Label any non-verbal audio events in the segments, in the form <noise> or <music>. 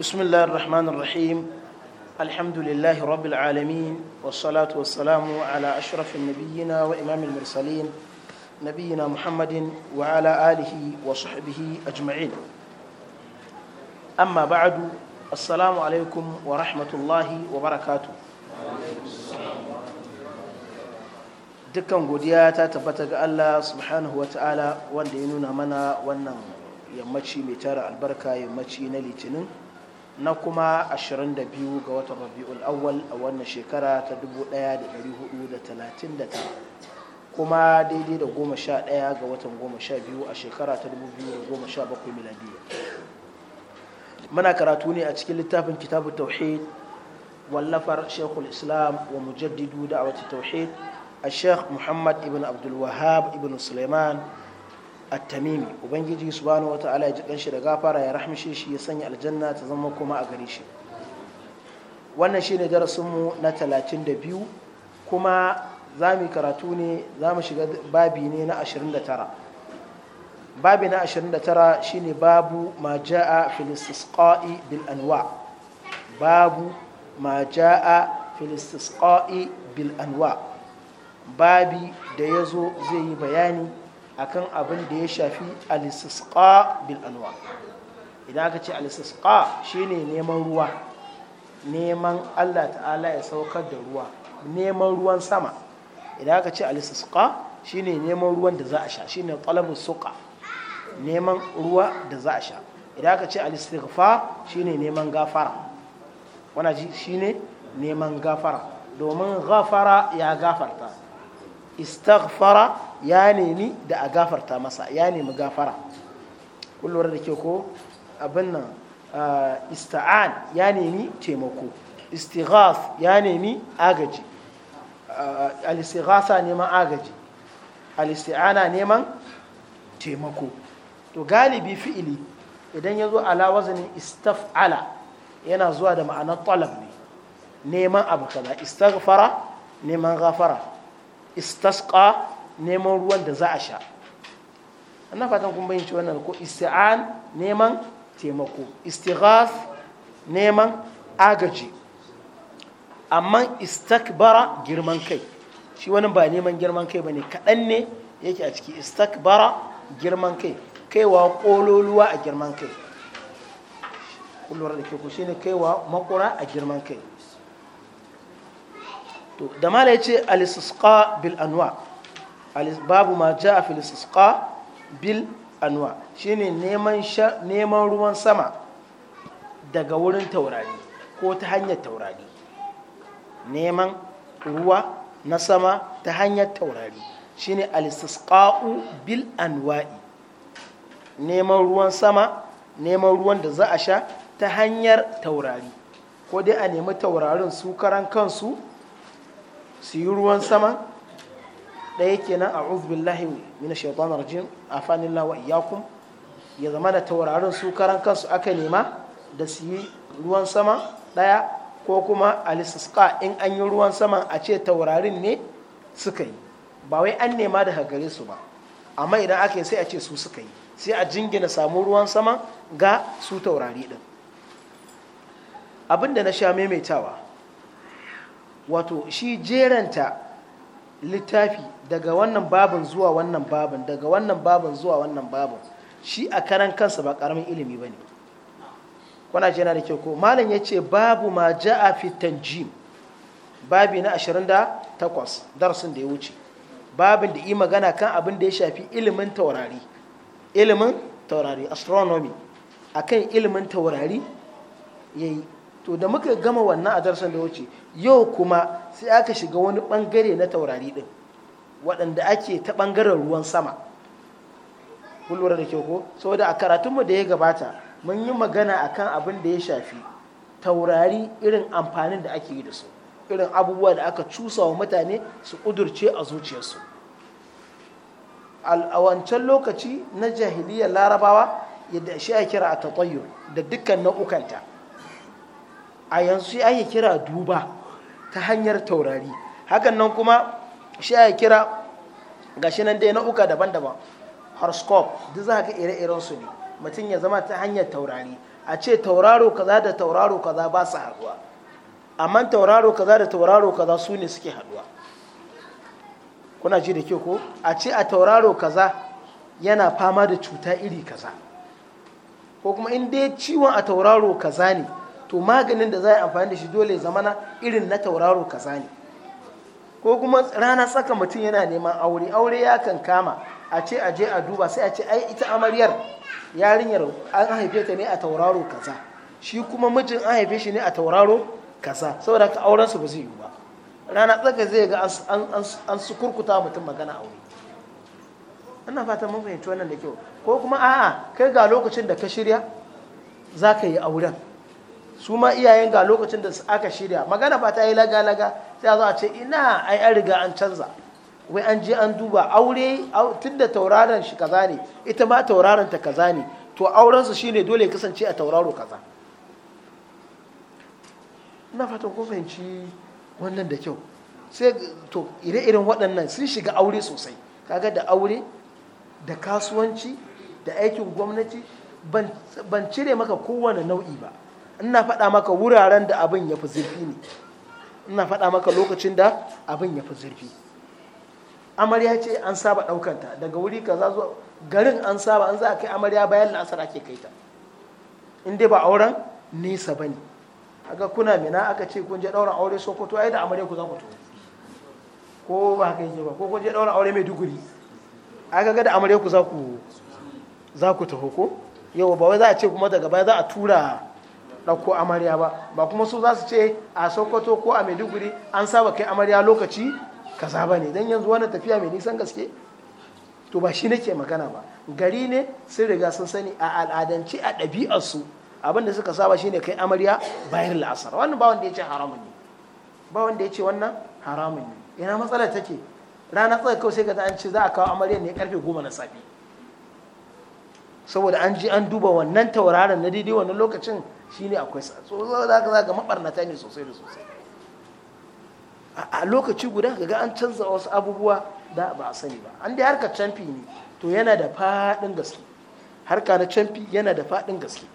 بسم الله الرحمن الرحيم الحمد لله رب العالمين والصلاة والسلام على أشرف النبيين وإمام المرسلين نبينا محمد وعلى آله وصحبه أجمعين أما بعد السلام عليكم ورحمة الله وبركاته dukkan godiya ta tabbata ga Allah subhanahu wa ta'ala wanda ya nuna mana wannan yammaci mai tara albarka yammaci na litinin na kuma 22 ga watan rabi'ul awwal a wannan shekara ta 1439 kuma daidai da 11 ga watan 12 a shekara ta 2017 miladiyya muna karatu ne a cikin littafin kitabu tauhid wallafar shekul islam wa mujaddidu da a wata tauhid a sheikh muhammad ibn abdulwahab ibn suleiman at-tamimi ubangiji subhanahu wata'ala ya ji kanshi da gafara ya rahmishe shi ya sanya aljanna ta zama kuma a gare shi wannan shine darasinmu na 32 kuma za mu karatu ne za mu shiga babi ne na 29 babi na 29 shine babu ma ja'a fil istisqa'i bil anwa babu ma ja'a fil istisqa'i bil anwa babi da yazo zai yi bayani akan abin da ya shafi alisiska bil anwa idan aka ce alisisqa shine neman ruwa neman Allah ta'ala ya saukar da ruwa neman ruwan sama idan aka ce alisisqa shine neman ruwan da za a sha shine talabus suka neman ruwa da za a sha idan aka ce alistighfar shine neman gafara wana ji shine neman gafara domin gafara ya gafarta istaghfara ya nemi da a gafarta masa ya nemi gafara kullum da ke ko abin nan ista'an ya nemi taimako istighas ya nemi agaji alistighasa neman agaji alisti'ana neman taimako to galibi fi'ili idan ya zo ala wazanin istaf'ala yana zuwa da ma'anar talab ne neman abu kaza istaghfara neman gafara istasqa neman ruwan da za a sha ana fatan kun bayyance wannan ko isti'an neman taimako istighaf neman agaji amma istakbara girman kai shi wani ba neman girman kai ba ne kaɗan ne yake a ciki istakbara girman kai kaiwa ƙololuwa a girman kai kullum da ke ku shine kaiwa makura a girman kai to da mala ya ce alisisqa bil anwa babu ma ja a filisiska bil anwa shine neman neman ruwan sama daga wurin taurari ko ta hanyar taurari neman ruwa na sama ta hanyar taurari shine al bil anwa'i neman ruwan sama neman ruwan da za a sha ta hanyar taurari ko dai a nemi taurarin su karan kansu su yi ruwan sama ɗaya kenan a billahi mina shaitan rajim a fanin lawa yakum ya zama da taurarin su karan kansu aka nema da su yi ruwan sama ɗaya ko kuma alisaska in an yi ruwan sama a ce taurarin ne suka yi ba wai an nema da gare su ba amma idan aka yi sai a ce su suka yi sai a jingina samu ruwan sama ga su taurari ɗin abinda na sha maimaitawa wato shi jeranta littafi daga wannan babin zuwa wannan babin daga wannan babin zuwa wannan babin shi a karan kansa ba karamin ilimi ba ne kuna ce da kyau ko malam ya ce babu ma a fitan jim babi na 28 darasin da ya wuce babin da yi magana kan abin da ya shafi ilimin taurari ilimin taurari astronomy kan ilimin taurari ya yi to da muka gama wannan a darasin da ya wuce yau kuma sai aka shiga wani bangare na taurari din waɗanda ake ta ɓangaren ruwan sama kun da ke ko saboda a karatunmu da ya gabata mun yi magana akan abin da ya shafi taurari irin amfanin da ake yi da su irin abubuwa da aka cusa wa mutane su ƙudurce a zuciyarsu a wancan lokaci na jahiliyar larabawa yadda shi a kira a tatayyur da dukkan nau'ukanta a yanzu ake kira duba ta hanyar taurari hakan nan kuma shi ya kira gashi nan dai uka daban-daban horoscope duk za ka ire-iren su ne mutum ya zama ta hanyar taurari a ce tauraro kaza da tauraro kaza ba su haduwa amma tauraro kaza da tauraro kaza su ne suke haduwa kuna ji da ke ko a ce a tauraro kaza yana fama da cuta iri kaza ko kuma in dai ciwon a tauraro kaza ne to maganin da za a amfani da shi dole zamana irin na tauraro kaza ne ko kuma rana tsaka mutum yana neman aure aure ya kan kama a ce a je a duba sai a ce ai ita amaryar yarinyar an haife ta ne a tauraro kaza shi kuma mijin an haife shi ne a tauraro kaza saboda ka auren su ba zai yi ba rana tsaka zai ga an su kurkuta mutum magana aure ana fatan mun fahimci wannan da kyau ko kuma a'a kai ga lokacin da ka shirya za ka yi auren su ma iyayen ga lokacin da aka shirya magana ba ta yi laga-laga sai za a ce ina ai an riga an canza wai an je an duba aure tun tauraron shi kaza ne ita ma tauraron ta kaza ne to aurensu shine dole ya kasance a tauraro kaza na fatan ko fahimci wannan da kyau sai to ire-iren waɗannan sun shiga aure sosai kaga da aure da kasuwanci da aikin gwamnati ban cire maka kowane nau'i ba ina faɗa maka wuraren da abin ya fi zurfi ne ina faɗa maka lokacin da abin ya fi zurfi amarya ce an saba ɗaukanta daga wuri kaza zuwa garin an saba an za a kai amarya bayan la'asar ake kai ta in dai ba auren nesa ba ne aga kuna mina aka ce kun je ɗauran aure sokoto ai da amarya ku za ku to ko ba haka yake ba ko kun je ɗauran aure mai duguri aka ga da amarya ku za ku za ku taho ko yau ba wai za a ce kuma daga baya za a tura ɗauko amarya ba ba kuma su za su ce a sokoto ko a maiduguri an saba kai amarya lokaci kaza ba ne don yanzu wani tafiya mai nisan gaske to ba shi nake magana ba gari ne sun riga sun sani a al'adance a ɗabi'arsu abin da suka saba ne kai amarya bayan la'asar wannan ba wanda ya ce haramun ne ba wanda ya ce wannan haramun ne ina matsalar take rana tsaka kawai sai ka an ce za a kawo amaryar ne karfe goma na safe saboda an ji an duba wannan tauraron na daidai wannan lokacin shine akwai sa so za ka ga mabarnata ne sosai da sosai a lokaci guda ga an canza wasu abubuwa da ba a sani ba an dai harkar canfi ne to yana da faɗin gaske harka na canfi yana da faɗin gaske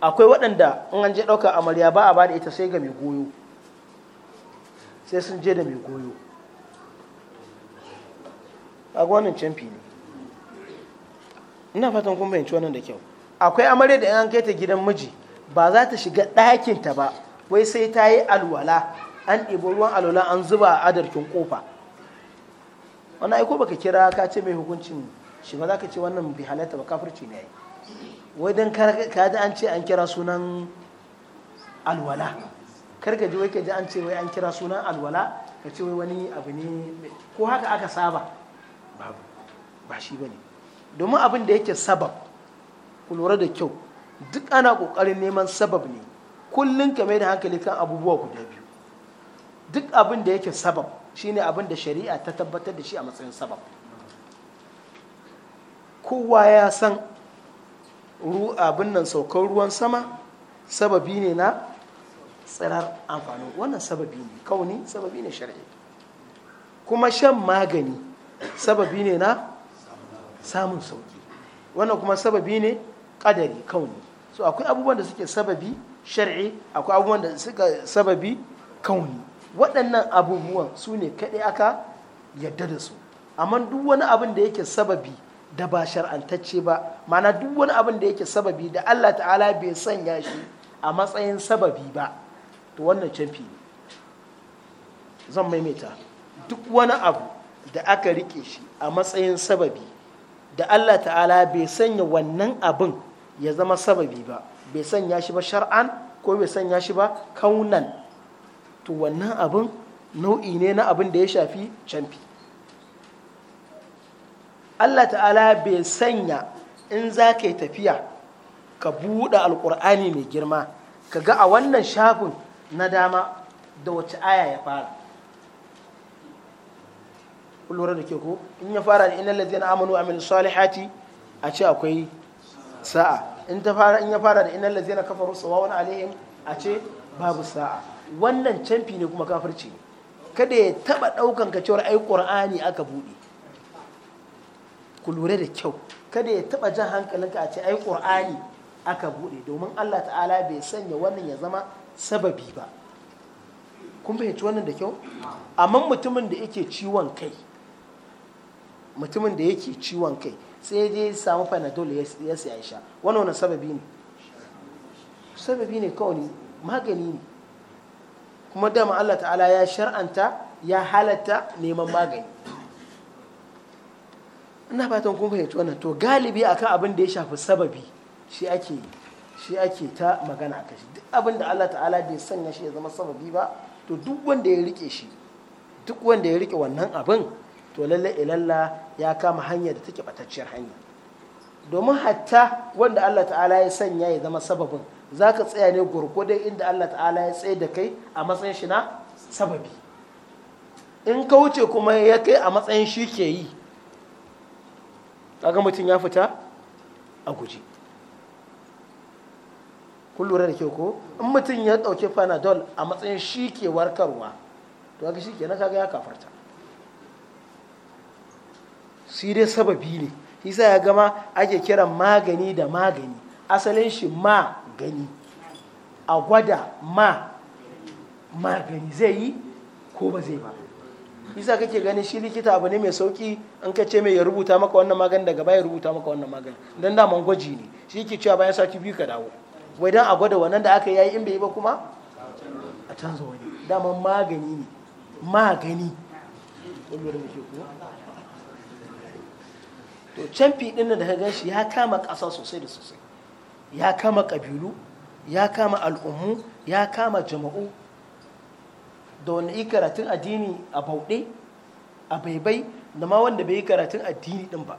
akwai waɗanda in an je ɗauka amarya ba a ba da ita sai ga mai goyo sai sun je da mai goyo a wannan canfi ne ina fatan kun fahimci wannan da kyau akwai amarya da an kai ta gidan miji ba za ta shiga ɗakinta ba wai sai ta yi alwala an ɗebo ruwan alwala an zuba a adarkin kofa wani aiko baka kira ka ce mai hukuncin shi ba za ka ce wannan bi halatta ba kafirci ne wai don ka ji an ce an kira sunan alwala karka ji wai ka ji an ce wai an kira sunan alwala ka ce wai wani abu ne ko haka aka saba babu ba shi ba ne domin abin da yake sabab ku lura da kyau duk ana ƙoƙarin neman sabab ne kullum ka mai da hankali kan abubuwa guda biyu duk abin da yake sabab shine abin da shari'a ta tabbatar da shi a matsayin sabab kowa ya san abin nan saukar ruwan sama sababi ne na tsirar amfanin wannan sababi ne kauni sababi ne shari'a kuma shan magani sababi ne na samun sauki wannan kuma sababi ne ƙadari kauni so akwai abubuwan da suke sababi shar'i akwai abubuwan da suka sababi kauni waɗannan abubuwan su ne kaɗai aka yadda da su amma duk wani abin da yake sababi da ba shar'antacce ba mana duk wani abin da yake sababi da Allah ta'ala bai sanya shi a matsayin sababi ba to wannan canfi ne zan maimaita duk wani abu da aka rike shi a matsayin sababi da Allah ta'ala bai sanya wannan abin ya zama sababi ba bai sanya shi ba shar'an ko bai sanya shi ba kaunan to wannan abin nau'i ne na abin da ya shafi canfi Allah ta'ala bai sanya in za ka yi tafiya ka buɗe alƙur'ani mai girma ka ga a wannan shafin na dama da wace aya ya fara lura da ke ko in ya fara da inna na amanu a salihati a ce akwai sa'a in ta fara in ya fara da innal ladzina kafaru sawawan alaihim a ce babu sa'a wannan canfi ne kuma kafirci ne kada ya taba daukan ka cewar ai qur'ani aka bude ku lura da kyau kada ya taba jan hankalinka a ce ai qur'ani aka bude domin Allah ta'ala bai sanya wannan ya zama sababi ba kun fahimci wannan da kyau amma mutumin da yake ciwon kai mutumin da yake ciwon kai sai dai samu panadol ya siya sha wani wani sababi ne sababi ne kawai magani ne kuma dama Allah ta'ala ya shar'anta ya halatta neman magani ina fatan kuma fahimci wannan to galibi akan abin da ya shafi sababi shi ake shi ake ta magana a kashi duk abin da Allah ta'ala bai sanya shi ya zama sababi ba to duk wanda ya rike shi duk wanda ya rike wannan abin to lalle ilalla ya kama hanyar da take batacciyar hanya domin hatta wanda Allah ta'ala ya sanya ya zama sababin za ka tsaya ne gwargwadon inda Allah ta'ala ya tsaye da kai a matsayin shi na sababi in ka wuce kuma ya kai a matsayin shi ke yi kaga mutum ya fita a guji kun lura da ke ko in mutum ya ɗauki fanadol a matsayin shi ke warkarwa to ga shi ke na kaga ya kafarta su dai sababi ne isa ya gama ake kira magani da magani asalin shi ma gani a gwada ma magani zai yi ko ba zai ba isa kake gani shi likita abu ne mai sauki an ka ce mai ya rubuta maka wannan magani daga baya rubuta maka wannan magani don daman gwaji ne shi yake cewa bayan sati biyu ka dawo wai don a gwada wannan da aka yayi in bai ba kuma a canza wani daman magani ne magani to canfi ɗin da ka gan shi ya kama ƙasa sosai da sosai ya kama ƙabilu ya kama al'ummu ya kama jama'u da wanda yi karatun addini a bauɗe a baibai da ma wanda bai yi karatun addini ɗin ba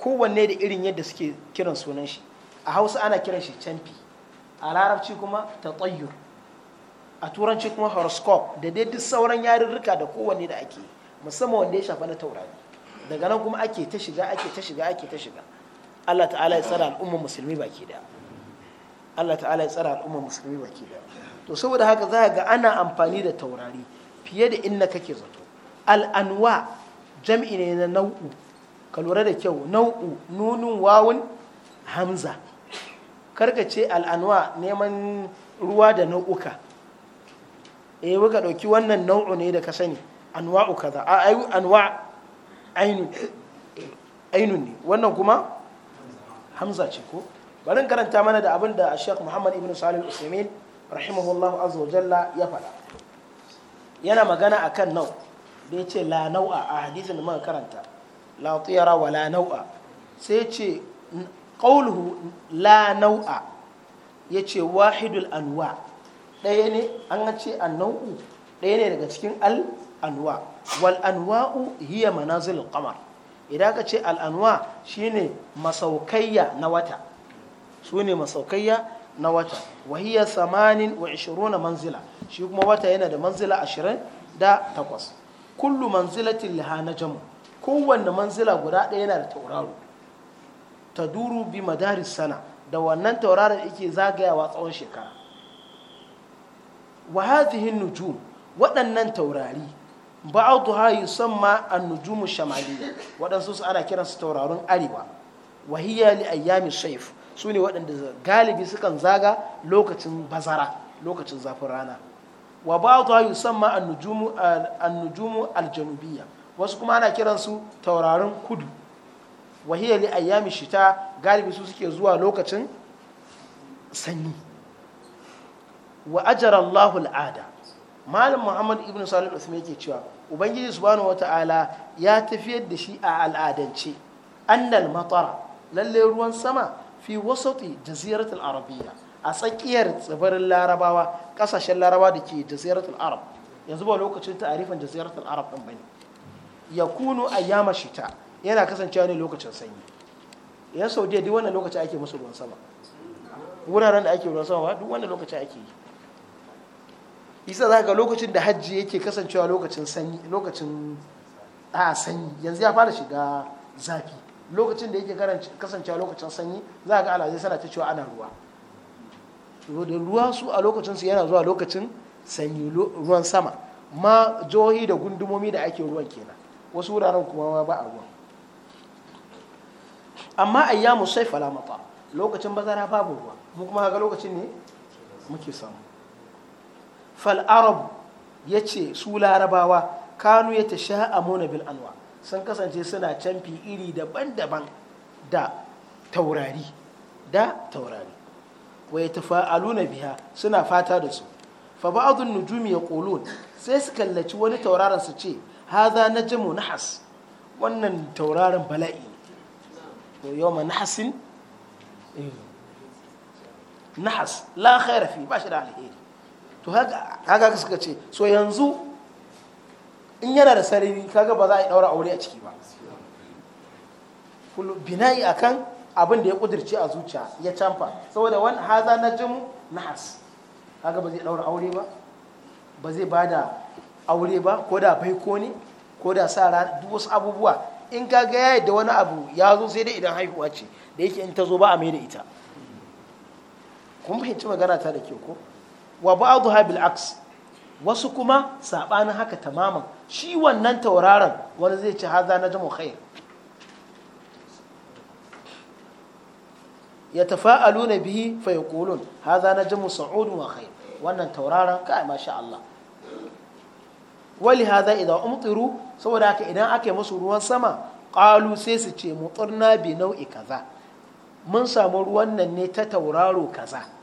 kowanne da irin yadda suke kiran sunan shi a hausa ana kiran shi canfi a larabci kuma ta tsayyur a turanci kuma horoscope da dai duk sauran yarurruka da kowanne da ake musamman wanda ya shafa na taurari daga nan kuma ake ta shiga ake ta shiga ake ta shiga Allah ta'ala ya tsara al'ummar musulmi baki da Allah ta'ala ya tsara al'ummar musulmi baki da to saboda haka za ga ana amfani da taurari fiye da inna kake zato al'anwa jam'i ne na nau'u ka lura da kyau nau'u nunun wawun hamza karka ce al'anwa neman ruwa da nau'uka eh muka ɗauki wannan nau'u ne da ka sani anwa'u kaza a ayu anwa' ainun ne wannan kuma hamza ce ko barin karanta mana da abin da Sheikh Muhammad ibn Salim Usaimin rahimahullahu azza jalla ya faɗa yana magana a akan nau da ce la nau'a a hadisin da muka karanta la tiyara wa la nau'a sai ce qauluhu la nau'a yace wahidul anwa ɗaya ne an ce nau'u ɗaya ne daga cikin al anwa wal anwa'u hiya manazilul qamar idan ka ce al'anwa shi ne masaukayya na wata ne masaukayya na wata wa hiya 28 manzila shi kuma wata yana da manzila takwas kullu manzilatin laha jamu kowanne manzila guda ɗaya yana da tauraro ta duru bi madaris sana da wannan tauraron yake zagayawa tsawon shekara wa hadhihi nujum waɗannan taurari ba'dha yusamma an-nujum shamaliyya su ana kiransu taurarin arewa wa hiya li ayyami sayf sune wadanda galibi sukan zaga lokacin bazara lokacin zafin rana wa ba'dha yusamma an-nujum an al-janubiyya wasu kuma ana kiransu taurarin kudu wa hiya li ayyami shita galibi su suke zuwa lokacin sanyi wa ajara ada malam muhammad ibn salim usman yake cewa ubangiji subhanahu wata'ala ya tafiyar da shi a al'adance annal matara lalle ruwan sama fi wasati jaziratul Arabiya a tsakiyar tsibirin larabawa kasashen larabawa da ke jaziratul arab yanzu ba lokacin ta'arifin jaziratul arab din bane yakunu ayyama shita yana kasancewa ne lokacin sanyi yan saudiya duk wannan lokaci ake musu ruwan sama wuraren da ake ruwan sama duk wannan lokaci ake yi isa za ga lokacin da hajji yake kasancewa lokacin sanyi lokacin sanyi yanzu ya fara shiga zafi lokacin da yake kasancewa lokacin sanyi za ga zai sana ta cewa ana ruwa da ruwa su a lokacin su yana zuwa lokacin sanyi ruwan sama ma jihohi da gundumomi da ake ruwan kenan wasu wuraren kuma ba a ruwan amma ayyamu sai falamata lokacin bazara babu ruwa mu kuma haka lokacin ne muke samu fal ya ce su larabawa kanu ya tasha'amuna bil anwa sun kasance suna canfi iri daban-daban da taurari da taurari wa ya tafa'aluna biha suna fata da su fa ba'adun nujumi ya sai su kallaci wani tauraron su ce hadha na nahas wannan tauraron bala'i to yawma nahasin nahas la khaira ba shi da alheri to haka suka ce so yanzu in yana da sarari kaga ba za a yi daura aure a ciki ba binayi akan abin da ya kudirce a zuciya ya canfa saboda wani haza na jin nahas kaga ba zai daura aure ba ba zai ba da aure ba ko da baiko ne ko da sa ran duk wasu abubuwa in kaga ya da wani abu ya zo sai dai idan haihuwa ce da yake in ta zo ba a mai da ita kun fahimci magana ta da ke ko wa ba'dha bil aks wasu kuma sabanin haka tamaman shi wannan tauraron wani zai ci haza na jamu khair ya tafa'aluna bihi fa yaqulun haza na jamu sa'ud wa khair wannan tauraron kai masha Allah wali haza idan umtiru saboda haka idan aka yi musu ruwan sama qalu sai su ce muturna bi nau'i kaza mun samu ruwan nan ne ta tauraro kaza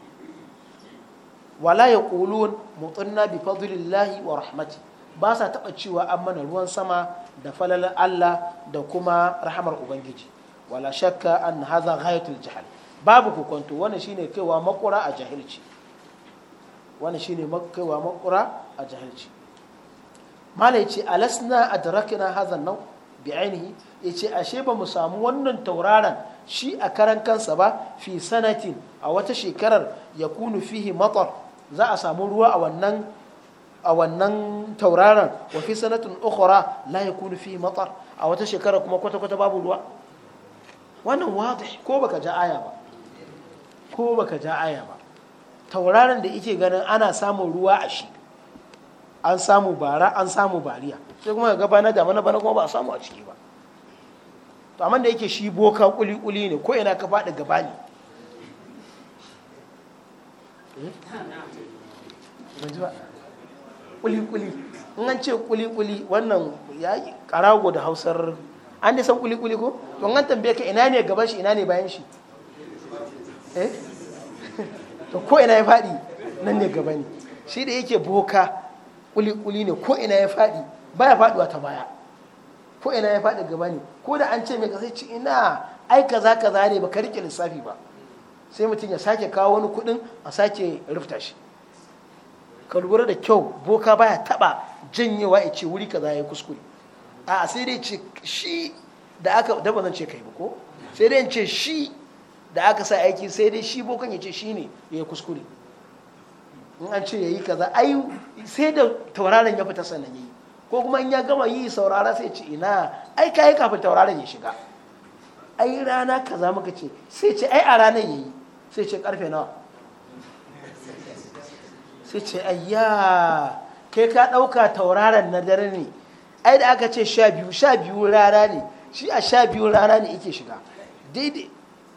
wala ya ƙulun mutunna bi fadlillahi wa rahmati ba sa taɓa cewa an mana ruwan sama da falalar Allah da kuma rahamar Ubangiji wala shakka an haza ghayatul jahal babu kokonto wani shine kaiwa makura a jahilci wannan shine kaiwa makura a jahilci malai ce alasna adrakna hadha nau bi ainihi yace ashe ba mu samu wannan tauraron shi a karan kansa ba fi sanatin a wata shekarar yakunu fihi matar za a samu ruwa a wannan a wannan tauraron wa fi sanatun ukhra la yakunu fi matar a wata shekara kuma kwata kwata babu ruwa wannan wadih ko baka ja aya ba ko baka ja aya ba tauraron da yake ganin ana samun ruwa a shi an samu bara an samu bariya sai kuma ga bana da mana bana kuma ba a samu a ciki ba to amma da yake shi boka kuli kuli ne ko ina ka faɗi gaba ne hmm? ban ba kuli-kuli in ce kuli-kuli wannan ya yi karago da hausar an da san kuli-kuli ko to an tambaye ka ina ne gaban shi ina ne bayan shi eh <laughs> to ko ina ya faɗi nan ne gaba ne shi da yake boka kuli-kuli ne ko ina ya faɗi baya faɗuwa ta baya ko ina ya faɗi gaba ne ko da an ce mai kasai ci ina ai kaza kaza ne ba ka rike lissafi ba sai mutum ya sake kawo wani kuɗin a sake rufta shi ka lura da kyau boka baya taba janyewa ya ce wuri kaza ya kuskure a sai dai ce shi da aka daba zan ce kai ba ko sai dai ce shi da aka sa aiki sai dai shi bokan ya ce shi ne ya yi kuskure in an ce ya yi kaza ai sai da tauraron ya fita sannan ya yi ko kuma in ya gama yi saurara sai ce ina ai ka yi kafin tauraron ya shiga ai rana kaza muka ce sai ce ai a ranar ya yi sai ce karfe nawa sai ce ayya kai ka ɗauka tauraron na dare ne ai da aka ce sha biyu sha biyu rara ne shi a sha biyu rara ne ike shiga daidai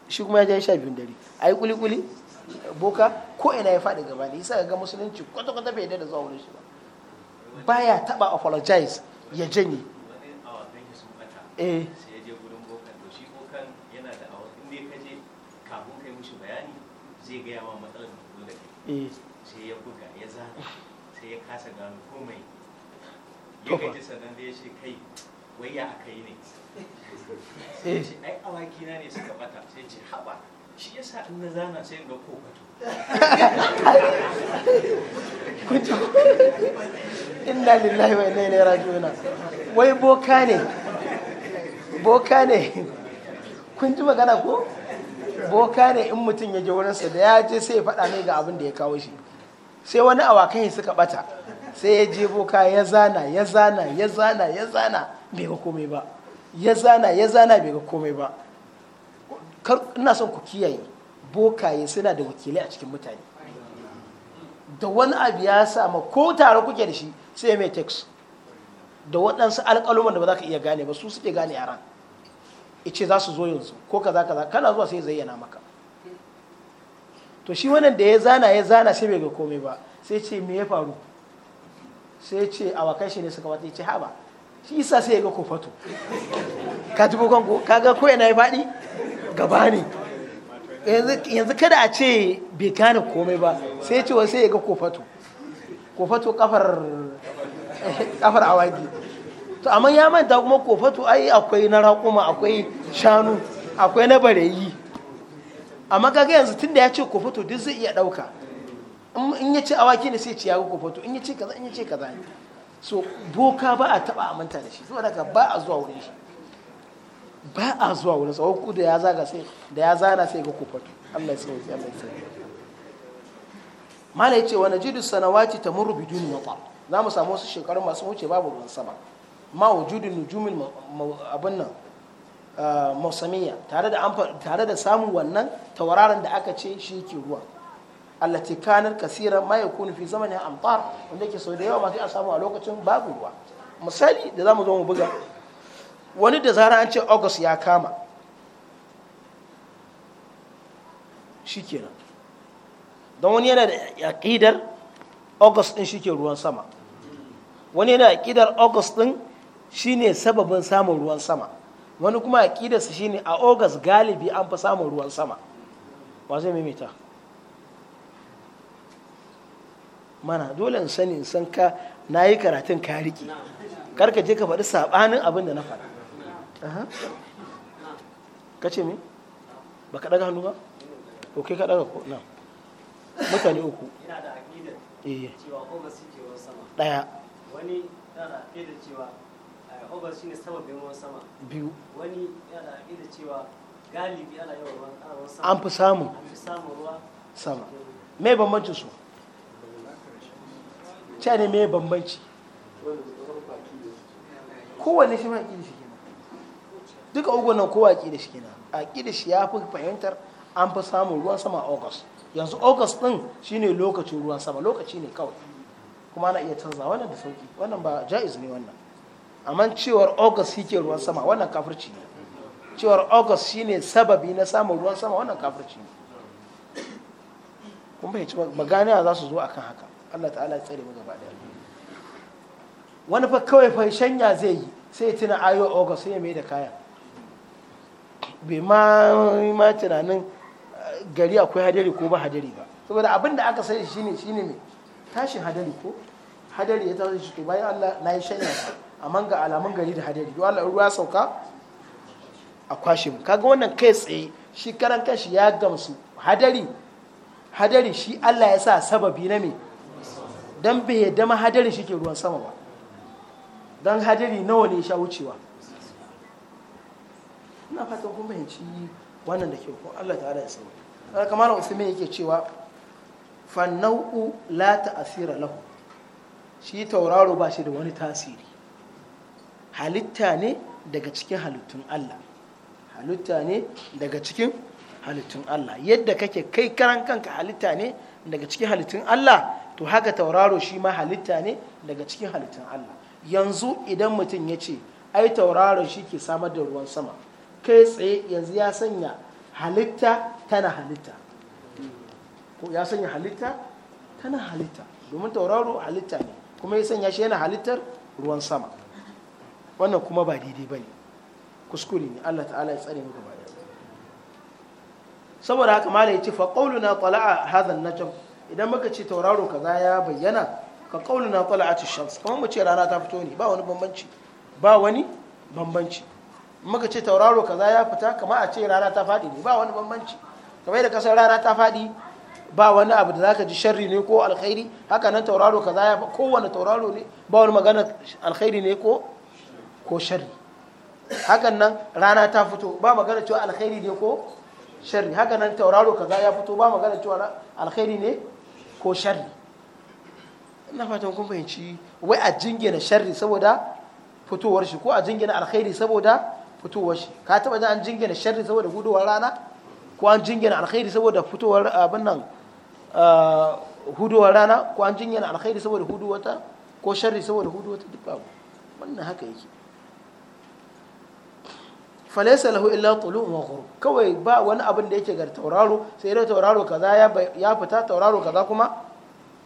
shi kuma ya sha biyun dare yi kuli kuli boka ko ina ya faɗi gaba ne yasa ga musulunci kwata kwata bai dada zuwa wurin shi ba baya taɓa apologize ya janye eh yana da kafin mushi bayani zai gaya matsalar da ya kasa gano komai ya gaji sannan da ya ce kai wai ya aka yi ne sai ce ai awaki na ne suka bata sai ce haba shi ya sa in na zana sai ga kofato kuto inna lillahi wa inna ilaihi raji'un wai boka ne boka ne kun ji magana ko boka ne in mutum ya je wurinsa da ya je sai ya faɗa ne ga abin da ya kawo shi sai wani awakai suka bata sai ya je boka ya zana ya zana ya zana ya zana bai ga komai ba ya zana ya zana bai ga komai ba ina son ku kiyaye bokaye suna da wakilai a cikin mutane da wani abu ya samu ko tare kuke da shi sai mai text da waɗansu alƙaluman da ba za ka iya gane ba su suke gane yaran ice za su zo yanzu ko kaza kaza kana zuwa sai zayyana maka to shi wannan da ya zana ya zana sai bai ga komai ba sai ce me ya faru sai ce awakai shi ne suka wata ya ce haba shi isa sai ya ga kofato ka ji bukon ko kaga ga koyana ya faɗi gaba ne yanzu kada a ce bai gane komai ba sai ce sai ya ga kofato kofato kafar kafar awaki to amma ya manta kuma kofato ai akwai na raƙuma akwai shanu akwai na bareyi amma kaga yanzu tun da ya ce ku fito duk zai iya ɗauka in ya ce awaki ne sai ce ya ku fito in ya ce kaza in ya ce kaza ne so boka ba a taɓa aminta da shi zuwa daga ba a zuwa wurin shi ba a zuwa wurin sa ku da ya zaga sai da ya zana sai ga ku fito Allah ya sauke Allah ya sauke mala yace wa najidu sanawati tamurru biduni matar za mu samu wasu shekaru masu wuce babu ruwan sama ma wujudu nujumil abin nan mausamiyya tare da samun wannan tauraron da aka ce shi ke ruwa allati kanar kasira ma yakunu fi zamanin amtar wanda yake sau da yawa masu a samu a lokacin babu ruwa misali da zamu zo mu buga wani da zara an ce august ya kama shikenan don wani yana da aƙidar august din shike ruwan sama wani yana da aƙidar august din shine sababin samun ruwan sama wani kuma aƙidarsa shine a ogas galibi an fi samun ruwan sama ba zai maimaita mana dole in sani in san ka na yi karatun ka riƙe karka je ka faɗi saɓanin abin da na faɗa ka ce mi ba ka ɗaga hannu ba ok ka ɗaga ko na mutane uku ina da aƙidar eh. cewa sama ɗaya wani tana da cewa over shine sababin ruwan sama biyu wani yana da cewa galibi ana yawan ruwan sama an fi samun an fi samun ruwa sama mai bambancin su ce ne me bambanci kowane shi ma ƙi shi kenan duka ugu nan kowa ƙi da shi kenan a ƙi da shi ya fi fahimtar an fi samun ruwan sama august yanzu august din shine lokacin ruwan sama lokaci ne kawai kuma ana iya canza wannan da sauki wannan ba ja'iz ne wannan amma cewar august shi ke ruwan sama wannan kafirci ne cewar august shi ne sababi na samun ruwan sama wannan kafirci ne kuma bai ci maganiya za su zo akan haka allah ta'ala ya tsare mu gaba daya wani fa kawai fa shanya zai yi sai tuna ayo august sai ya mai da kayan bai ma ma tunanin eh, gari akwai hadari ko ba hadari ba saboda abin da aka sai shine shine mai tashin hadari ko hadari ya tashi to bayan allah na yi shanya A manga alamun gari da hadari duk Allah ruwa sauka a kwashe mu kaga wannan kai tsaye shi karan kanshi ya gamsu hadari hadari shi Allah ya sa sababi na me dan bai yadda ma hadari shi ke ruwan sama ba dan hadari nawa ne sha wucewa ina fatan kun fahimci wannan da ke ko Allah ta'ala ya sauke kaga kamar Usman yake cewa fannau'u la ta'asira lahu shi tauraro ba shi da wani tasiri halitta ne daga cikin halittun Allah halitta ne daga cikin halittun Allah yadda kake kai karan kanka halitta ne daga cikin halittun Allah to haka tauraro shi ma halitta ne daga cikin halittun Allah yanzu idan mutum ya ce ai tauraro shi ke samar da ruwan sama kai tsaye yanzu ya sanya halitta tana halitta ko ya sanya halitta tana halitta domin tauraro halitta ne kuma ya sanya shi yana halittar ruwan sama wannan kuma ba daidai ba ne kuskure ne Allah ta'ala ya tsare mu gaba da saboda haka malai ya ce fa qauluna tala'a hadha an-najm idan muka ce tauraro kaza ya bayyana ka qauluna tala'at ash-shams kuma mu ce rana ta fito ne ba wani bambanci ba wani bambanci muka ce tauraro kaza ya fita kama a ce rana ta fadi ne ba wani bambanci kamar da kasar rana ta fadi ba wani abu da zaka ji sharri ne ko alkhairi haka nan tauraro kaza ya fa kowane tauraro ne ba wani magana alkhairi ne ko ko sharri hakan nan rana ta fito ba magana cewa alkhairi ne ko sharri hakan nan tauraro kaza ya fito ba magana cewa alkhairi ne ko sharri ina fatan kun fahimci wai a jingina sharri saboda fitowar shi ko a jingina alkhairi saboda fitowar shi ka taba ji an jingina sharri saboda gudowar rana ko an jingina alkhairi saboda fitowar abin nan hudowar rana ko an jingina alkhairi saboda hudu ta ko sharri saboda hudu ta duk babu wannan haka yake falaisa lahu illa tulu wa ghurub kawai ba wani abin da yake ga tauraro sai dai tauraro kaza ya fita tauraro kaza kuma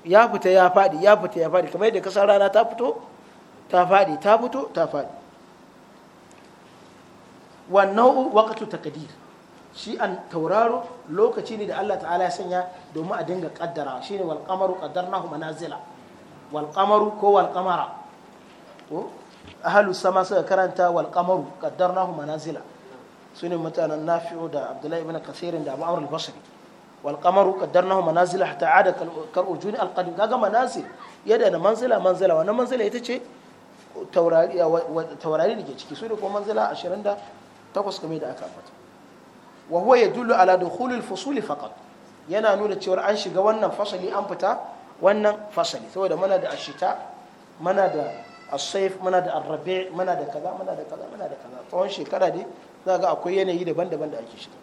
ya fita ya fadi ya fita ya fadi kamar yadda kasar rana ta fito ta fadi ta fito ta fadi wannan waqtu taqdir shi an tauraro lokaci ne da Allah ta'ala ya sanya domin a dinga kaddara shine wal qamaru qaddarnahu manazila wal qamaru ko wal qamara ko ahalus sama suka karanta wal qamaru qaddarnahu manazila sune mutanen nafi'u da abdullahi ibn kasirin da abu amr basri wal qamaru qaddarnahu manazila hatta ada kal ujuni al qadim kaga manazil yada na manzila manzila wannan manzila ita ce taurari taurari da ke ciki sune kuma manzila 28 kamar da aka ambata wa huwa yadullu ala dukhulil fusuli faqat yana nuna cewa an shiga wannan fasali an fita wannan fasali saboda mana da ashita mana da asaif muna da arrabe muna da kaza muna da kaza muna da kaza tsawon shekara dai za ga akwai yanayi daban-daban da ake shiga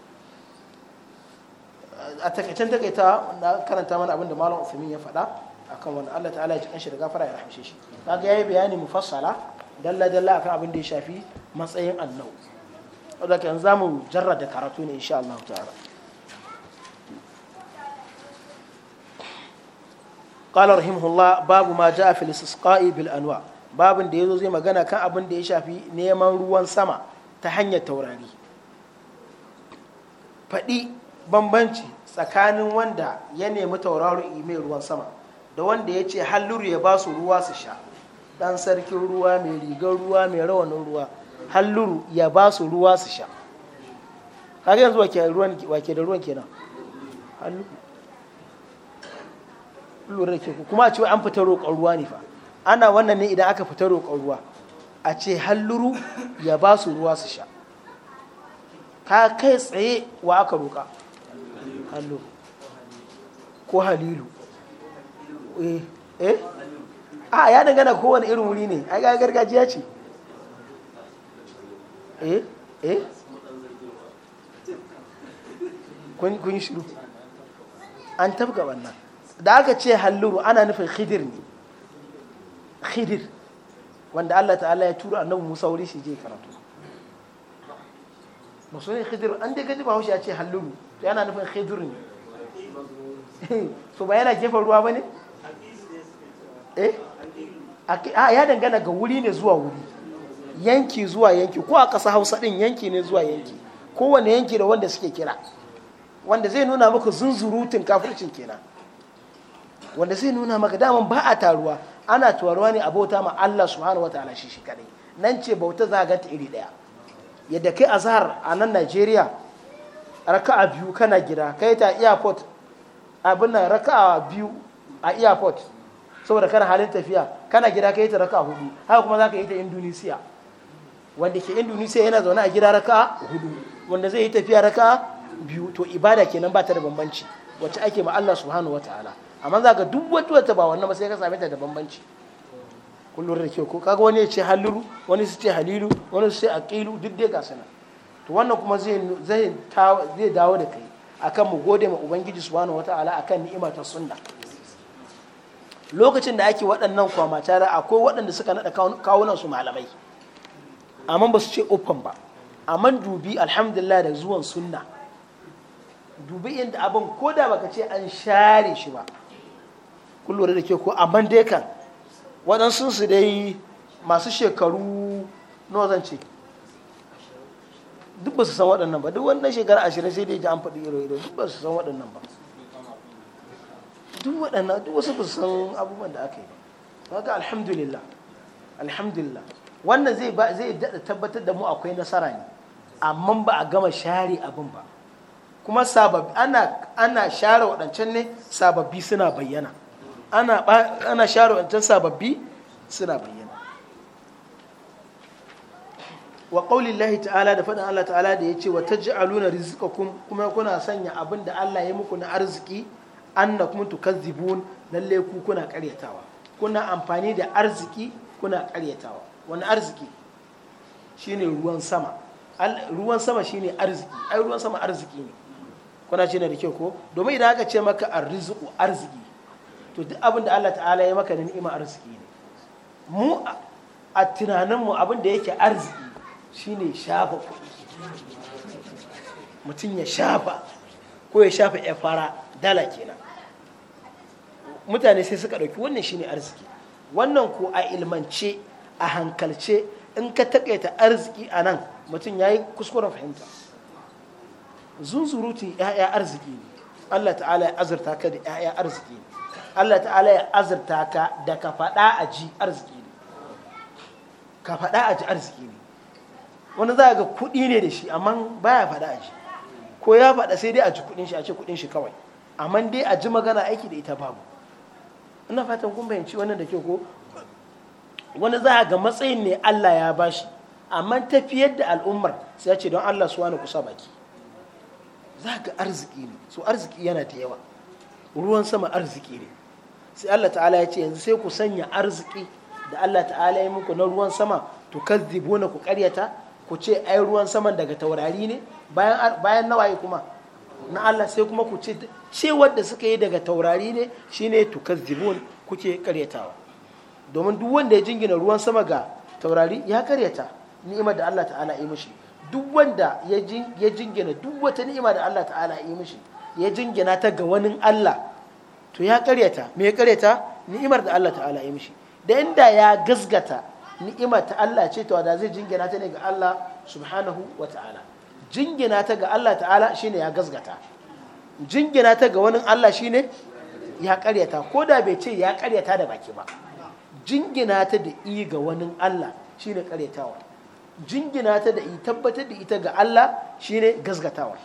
a takaicen takaita na karanta mana abin da malam usamin ya faɗa akan wani Allah ta'ala ya ji kanshi da gafara ya rahamshe shi kaga yayi bayani mufassala dalla dalla akan abin da ya shafi matsayin annau wanda kan zamu jarrada karatu ne insha Allah ta'ala قال رحمه الله باب ما جاء في الاستسقاء بالانواع babin da ya zo zai magana kan abin da ya shafi neman ruwan sama ta hanyar taurari faɗi bambanci tsakanin wanda ya nemi tauraro mai ruwan sama da wanda ya ce halluru ya ba su ruwa su sha ɗan sarkin ruwa mai rigar ruwa mai rawanin ruwa halluru ya ba su ruwa su sha kaga yanzu wake da ruwan kenan halluru da ke kuma a ce an fita roƙon ruwa ne fa ana wannan ne idan aka fita roƙon ruwa a ce halluru ya ba su ruwa su sha ka kai tsaye wa aka roƙa halluru ko halilu eh eh a ya dangana kowane irin wuri ne ai ga gargajiya ce eh eh kun shiru an tafka wannan da aka ce halluru ana nufin khidir ne khidir wanda Allah ta'ala ya tura annabi Musa wuri shi je karatu masu ne khidir an dai gaji bahaushe ya ce hallulu to yana nufin khidir ne <laughs> so ba yana jefa ruwa ba ne eh a ya dangana ga wuri ne zuwa wuri yanki zuwa yanki ko a ƙasa hausa din yanki ne zuwa yanki kowane yanki da wanda suke kira wanda zai nuna maka zunzurutun kafircin kenan wanda zai nuna maka daman ba a taruwa ana tuwarwa ne abota bauta ma Allah subhanahu wataala shi shi kadai nan ce bauta za ganta iri daya yadda kai azhar a nan Najeriya raka'a biyu kana gida kai ta airport abin nan raka'a biyu a airport saboda kana halin tafiya kana gida kai ta raka'a hudu haka kuma zaka yi ta Indonesia wanda ke Indonesia yana zaune a gida raka'a hudu wanda zai yi tafiya raka'a biyu to ibada kenan ba ta da bambanci wacce ake ma Allah subhanahu wataala amma za ka duk wata wata ba wannan ba sai ka same ta da bambanci kun da kyau ko kaga wani ya ce halilu wani su ce halilu wani su ce aqilu duk dai ga suna to wannan kuma zai dawo da kai akan mu gode ma ubangiji subhanahu wataala akan ni'ima ta sunna lokacin da ake waɗannan kwamatara akwai waɗanda suka naɗa kawunan su malamai amma ba su ce open ba amma dubi alhamdulillah da zuwan sunna dubi inda abin ko da baka ce an share shi ba kun lura da ke ko a mandeka kan waɗansu su dai masu shekaru nawa zan ce duk ba su san waɗannan ba duk wannan shekara ashirin sai dai ji an faɗi iro iro duk ba su san waɗannan ba duk waɗannan duk wasu ba su san abubuwan da aka yi ba ga alhamdulillah alhamdulillah wannan zai zai daɗa tabbatar da mu akwai nasara ne amma ba a gama share abin ba kuma sababbi ana share waɗancan ne sababbi suna bayyana ana sharo share sababbi suna bayyana wa lahi ta'ala da faɗin Allah ta'ala da ya wata wa luna rizika kuma kuna sanya abin da Allah ya muku na arziki an na tukar tukazzibun lalle ku kuna karyatawa kuna amfani da arziki kuna karyatawa wani arziki shi ne ruwan sama ruwan sama shi ne arziki ai ruwan sama arziki ne kuna ce da kyau ko domin idan aka ce maka arziku arziki to duk abin da Allah ta'ala ya maka ni'ima arziki ne mu a tunaninmu abin da yake arziki shine shafa mutum ya shafa ko ya shafa ya fara dala kenan mutane sai suka ɗauki wannan shine arziki wannan ko a ilmance a hankalce in ka taƙaita arziki a nan mutum ya yi kuskuren fahimta zunzuruti 'ya'ya arziki ne allah ta'ala ya azurta ka da 'ya'ya arziki ne Allah ta'ala ya azurta ka da ka faɗa a ji arziki ne ka faɗa a ji arziki ne wani za ga kuɗi ne da shi amma baya faɗa a ji ko ya faɗa sai dai a ji kuɗin shi a ce kuɗin shi kawai amma dai a ji magana aiki da ita babu ina fatan kun bayanci wannan da ke ko wani za ga matsayin ne Allah ya bashi amma tafiyar da al'ummar sai ya ce don Allah suwa na kusa baki za ga arziki ne so arziki yana da yawa ruwan sama arziki ne sai Allah ta'ala ya ce yanzu sai ku sanya arziki da Allah ta'ala ya muku na ruwan sama to kazzibuna ku karyata ku ce ai ruwan saman daga taurari ne bayan bayan nawaye kuma na Allah sai kuma ku ce ce wanda suka yi daga taurari ne shine to kazzibun kuke karyatawa domin duk wanda ya jingina ruwan sama ga taurari ya karyata ni'imar da Allah ta'ala ya yi mishi duk wanda ya jingina duk wata ni'ima da Allah ta'ala ya yi mishi ya jingina ta ga wani Allah to ya karyata me ya karyata ni'imar da Allah ta'ala ya mishi da inda ya gasgata ni'imar ta Allah ce to da zai jingina ta ne ga Allah subhanahu wa ta'ala jingina ta ga Allah ta'ala shine ya gasgata jingina ta ga wani Allah shine ya karyata ko da bai ce ya karyata da baki ba jingina ta da iya ga wani Allah shine karyatawa jingina ta da i tabbatar da ita ga Allah shine gazgatawa.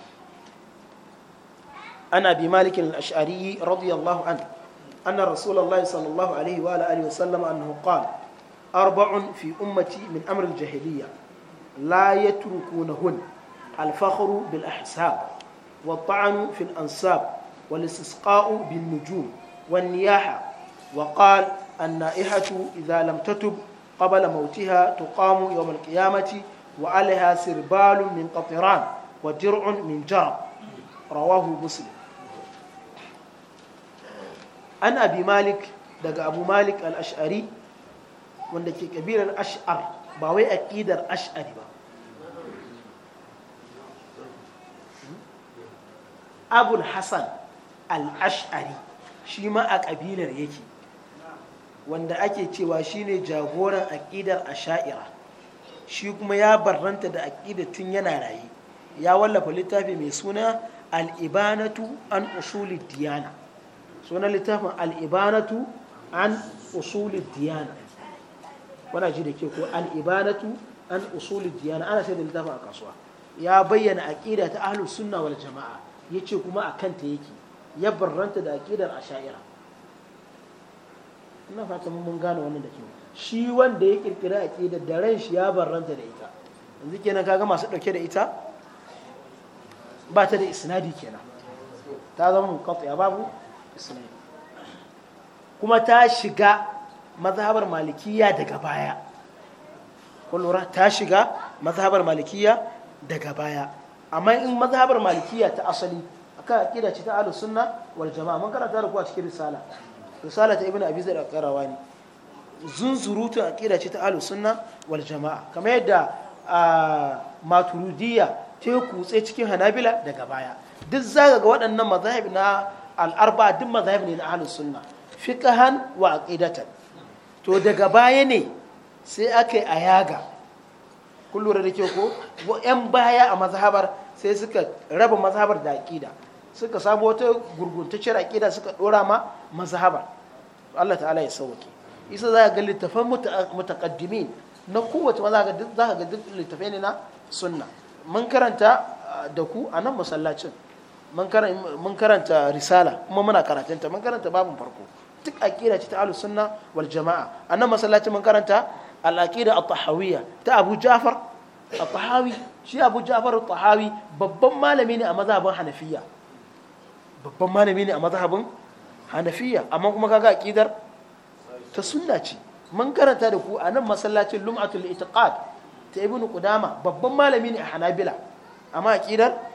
أنا مالك الأشعري رضي الله عنه أن رسول الله صلى الله عليه وآله وسلم أنه قال أربع في أمتي من أمر الجاهلية لا يتركونهن الفخر بالأحساب والطعن في الأنساب والاستسقاء بالنجوم والنياحة وقال النائحة إذا لم تتب قبل موتها تقام يوم القيامة وعليها سربال من قطران ودرع من جرب رواه مسلم Ana bi malik daga abu malik Al'ash'ari wanda ke ƙabilar ash'ar ba wai aƙidar ash'ari ba abul hassan al-ash'ari shi ma a ƙabilar yake wanda ake cewa shine jagoran aƙidar asha'ira shi kuma ya barranta da aƙidar tun yana raye ya wallafa littafi mai suna al-ibanatu an usulid diyana sunan littafin al'ibanatu an usuli diyana wana ji da ke ko al'ibanatu an usuli diyana ana sai da littafin a kasuwa ya bayyana aƙida ta ahlus sunna wal jama'a ya ce kuma a kanta yake ya barranta da aƙidar sha'ira ina fata mun gane wannan da kyau shi wanda ya kirkira aƙidar da ran shi ya barranta da ita yanzu kenan kaga masu ɗauke da ita ba ta da isnadi kenan ta zama mukatsiya babu kuma ta shiga mazhabar malikiya daga baya kullura ta shiga mazhabar malikiya daga baya amma in mazhabar malikiya ta asali aka kira ce ta ahlu sunna wal jamaa mun karanta da a cikin risala risala ta ibnu abi zaid al-qarawani zunzurutu aqida ce ta ahlu sunna wal jamaa kamar yadda maturidiyya ta kutse cikin hanabila daga baya duk zaka ga waɗannan mazhabi na al'arba duk mazhab ne na ahlus sunna fiqhan wa aqidatan to daga baya ne sai aka yi ayaga kun lura da ke ko yan baya a mazhabar sai suka raba mazhabar da aqida suka samu wata gurguntacciyar aqida suka dora ma mazhabar Allah ta'ala ya sauke isa za ga littafan mutaqaddimin na kowace ma za ka ga duk littafai ne na sunna mun karanta ah, da ku a nan masallacin mun karanta risala kuma muna karatunta mun karanta babin farko duk aqida ce ta ahlus sunna wal jamaa annan masallaci mun karanta al aqida at tahawiyya ta abu ja'far at tahawi shi abu ja'far at tahawi babban malami ne a mazhabin hanafiya babban malami ne a mazhabin hanafiya amma kuma kaga aqidar ta sunna ce mun karanta da ku a nan masallacin lum'atul itiqad ta ibnu qudama babban malami ne a hanabila amma aqidar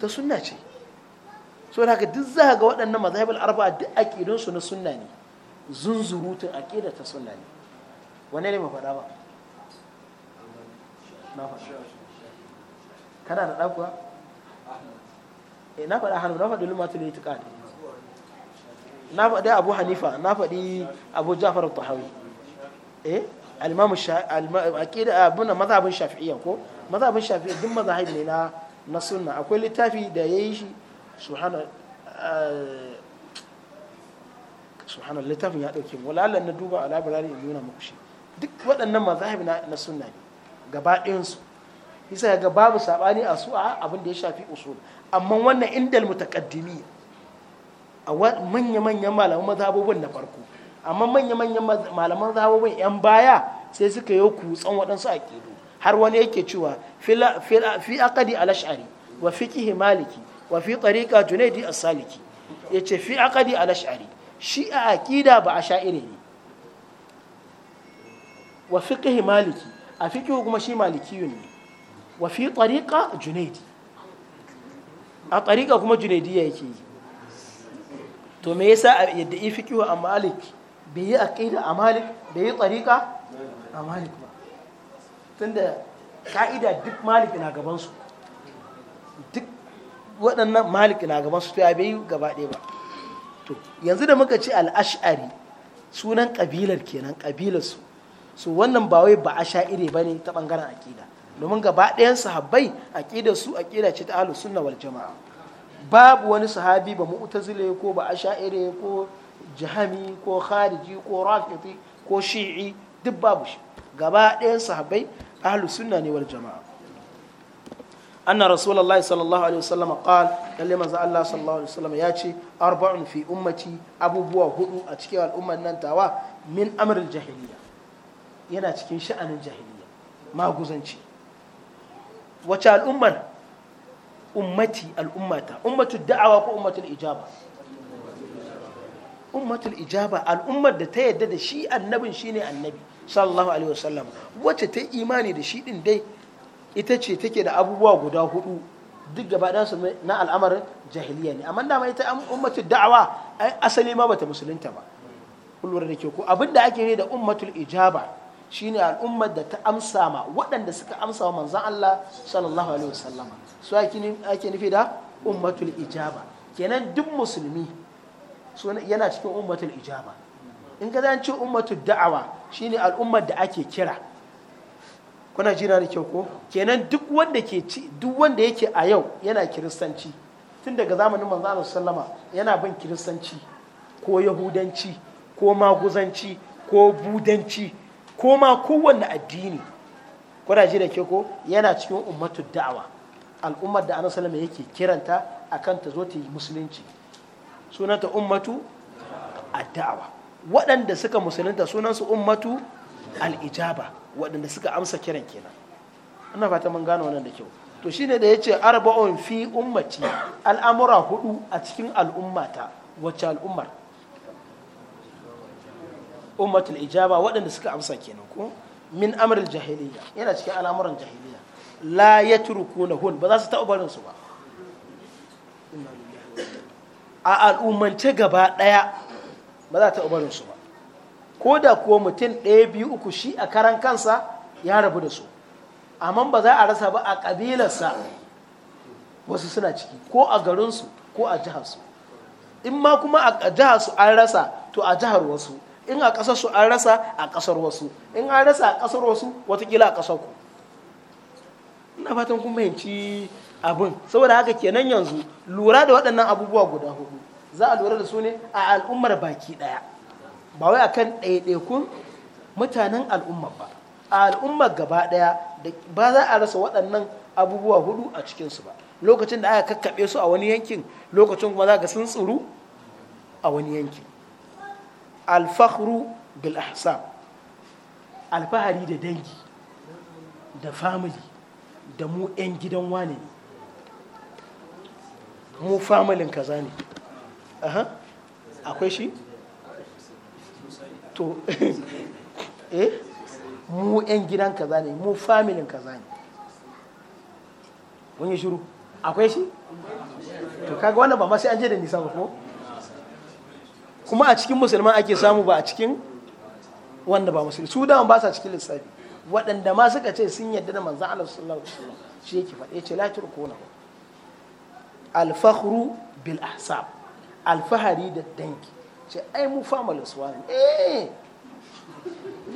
ta sunna ce so da haka duk za ga waɗannan mazhabul arba'a duk su na sunna ne zunzurutun aqida ta sunna ne wanne ne mu faɗa ba na faɗa kana da ɗakuwa eh na faɗa hannu na faɗi lumatul itiqad na faɗi abu hanifa na faɗi abu ja'far al-tahawi eh al-imam al-aqida abuna mazhabin shafi'iyya ko mazhabin shafi'iyya duk mazhabi ne na na sunna akwai littafi da ya yi shi hana eh, littafin ya ɗauke mu wala'alla na duba a labirari in nuna muku shi duk waɗannan mazahib na sunna ne gaba ɗayansu isa ya ga babu saɓani a su a abin da ya shafi usul amma wannan indal mutaqaddimi a manya-manyan malaman mazhabobin na farko amma manya-manyan malaman mazhabobin 'yan baya sai suka yi kutsan waɗansu aƙidu har wani yake cewa fi aqdi al-ash'ari wa fiqh maliki wa fi tariqa junaidi as-saliki yace fi aqdi al-ash'ari shi a aqida ba a sha'iri ne wa fiqh maliki a fiqh kuma shi malikiyun ne wa fi tariqa junaidi a tariqa kuma junaidi yake yi to me yasa yadda ifiqh a malik bai yi aqida a malik bai yi tariqa a malik ba tunda ka'ida duk maliki na gabansu duk waɗannan malik na gabansu to ya bai gaba ɗaya ba to yanzu da muka ci al'ash'ari sunan ƙabilar kenan ƙabilarsu su wannan ba wai ba a sha'ire ba ne ta ɓangaren aƙida domin gaba ɗayan sahabbai aƙida su aƙida ce ta ahlu sunna wal jama'a babu wani sahabi ba mu'tazile ko ba a sha'ire ko jahami ko khariji ko rafiti ko shi'i duk babu shi gaba ɗayan sahabbai ahlus sunna ne wal jama'a anna rasulullahi sallallahu alaihi wasallam qal lalle manzo Allah sallallahu alaihi wasallam ya ce arba'un fi ummati abubuwa hudu a cikin al'ummar nan tawa min amril jahiliya yana cikin sha'anin jahiliya maguzanci wace al'ummar ummati al'ummata ummatu da'awa ko ummatul ijaba ummatul ijaba al'ummar da ta yadda da shi annabin shine annabi sallallahu alaihi wasallam wacce ta imani da shi din dai ita ce take da abubuwa guda hudu duk gaba su na al'amarin jahiliya ne amma dama ita ummatu da'awa ai asali ma bata musulunta ba kullum da ke ko abinda ake ne da ummatul ijaba shine al'ummar da ta amsa ma waɗanda suka amsa wa manzon Allah sallallahu alaihi wasallama su ake nufi da ummatul ijaba kenan duk musulmi yana cikin ummatul ijaba in zan zance ummatul da'awa shine al'ummar da ake kira kuna jira da kyau ko kenan duk wanda ke duk wanda yake a yau yana kiristanci tun daga zamanin manzo Allah sallama yana bin kiristanci ko yahudanci ko maguzanci ko budanci ko ma kowanne addini kuna ji da kyau ko yana cikin ummatu da'awa al'ummar da annabi sallama yake kiranta akan ta zo ta yi musulunci sunanta ummatu ad-da'awa waɗanda suka musulunta sunansu ummatu al'ijaba waɗanda suka amsa kiran kenan ina fata mun gano wannan da kyau to shine da yace arba'un fi ummati al'amura hudu a cikin al'ummata wacce al'ummar ummatul ijaba waɗanda suka amsa kenan ko min amril jahiliya yana cikin al'amuran jahiliya la hun ba za su taɓa barin su ba a al'ummance gaba ɗaya ba za ta barin su ba ko da kuwa mutum ɗaya biyu uku shi a karan kansa ya rabu da su amma ba za a rasa ba a ƙabilarsa wasu suna ciki ko a garinsu ko a jiharsu in ma kuma a jiharsu an rasa to a jihar wasu in a ƙasar su an rasa a ƙasar wasu in an rasa a ƙasar wasu watakila a ƙasar ku ina fatan kun fahimci abin saboda haka kenan yanzu lura da waɗannan abubuwa guda hudu za a lura da su ne a al'ummar baki ɗaya ba wai akan ɗaiɗaikun mutanen al'ummar ba a al'ummar gaba ɗaya ba za a rasa waɗannan abubuwa hudu a cikinsu ba lokacin da aka kakkaɓe su a wani yankin lokacin kuma za ka sun tsuru a wani yankin alfahru bil ahsab alfahari da dangi da family da mu 'yan gidan wane mu familin kaza ne Aha akwai shi to <laughs> eh mu 'yan gidan kaza ne mu familin kaza ne kun yi shiru akwai shi to kaga wannan ba ma sai an je da nisa ba ko kuma a cikin musulman ake samu ba a cikin wanda ba musulmi su dama ba sa cikin lissafi waɗanda ma suka ce sun yadda da manzan Allah sallallahu alaihi shi yake faɗe ce la turkuna al-fakhru bil ahsab alfahari da dangi ce ai mu familin su wani eh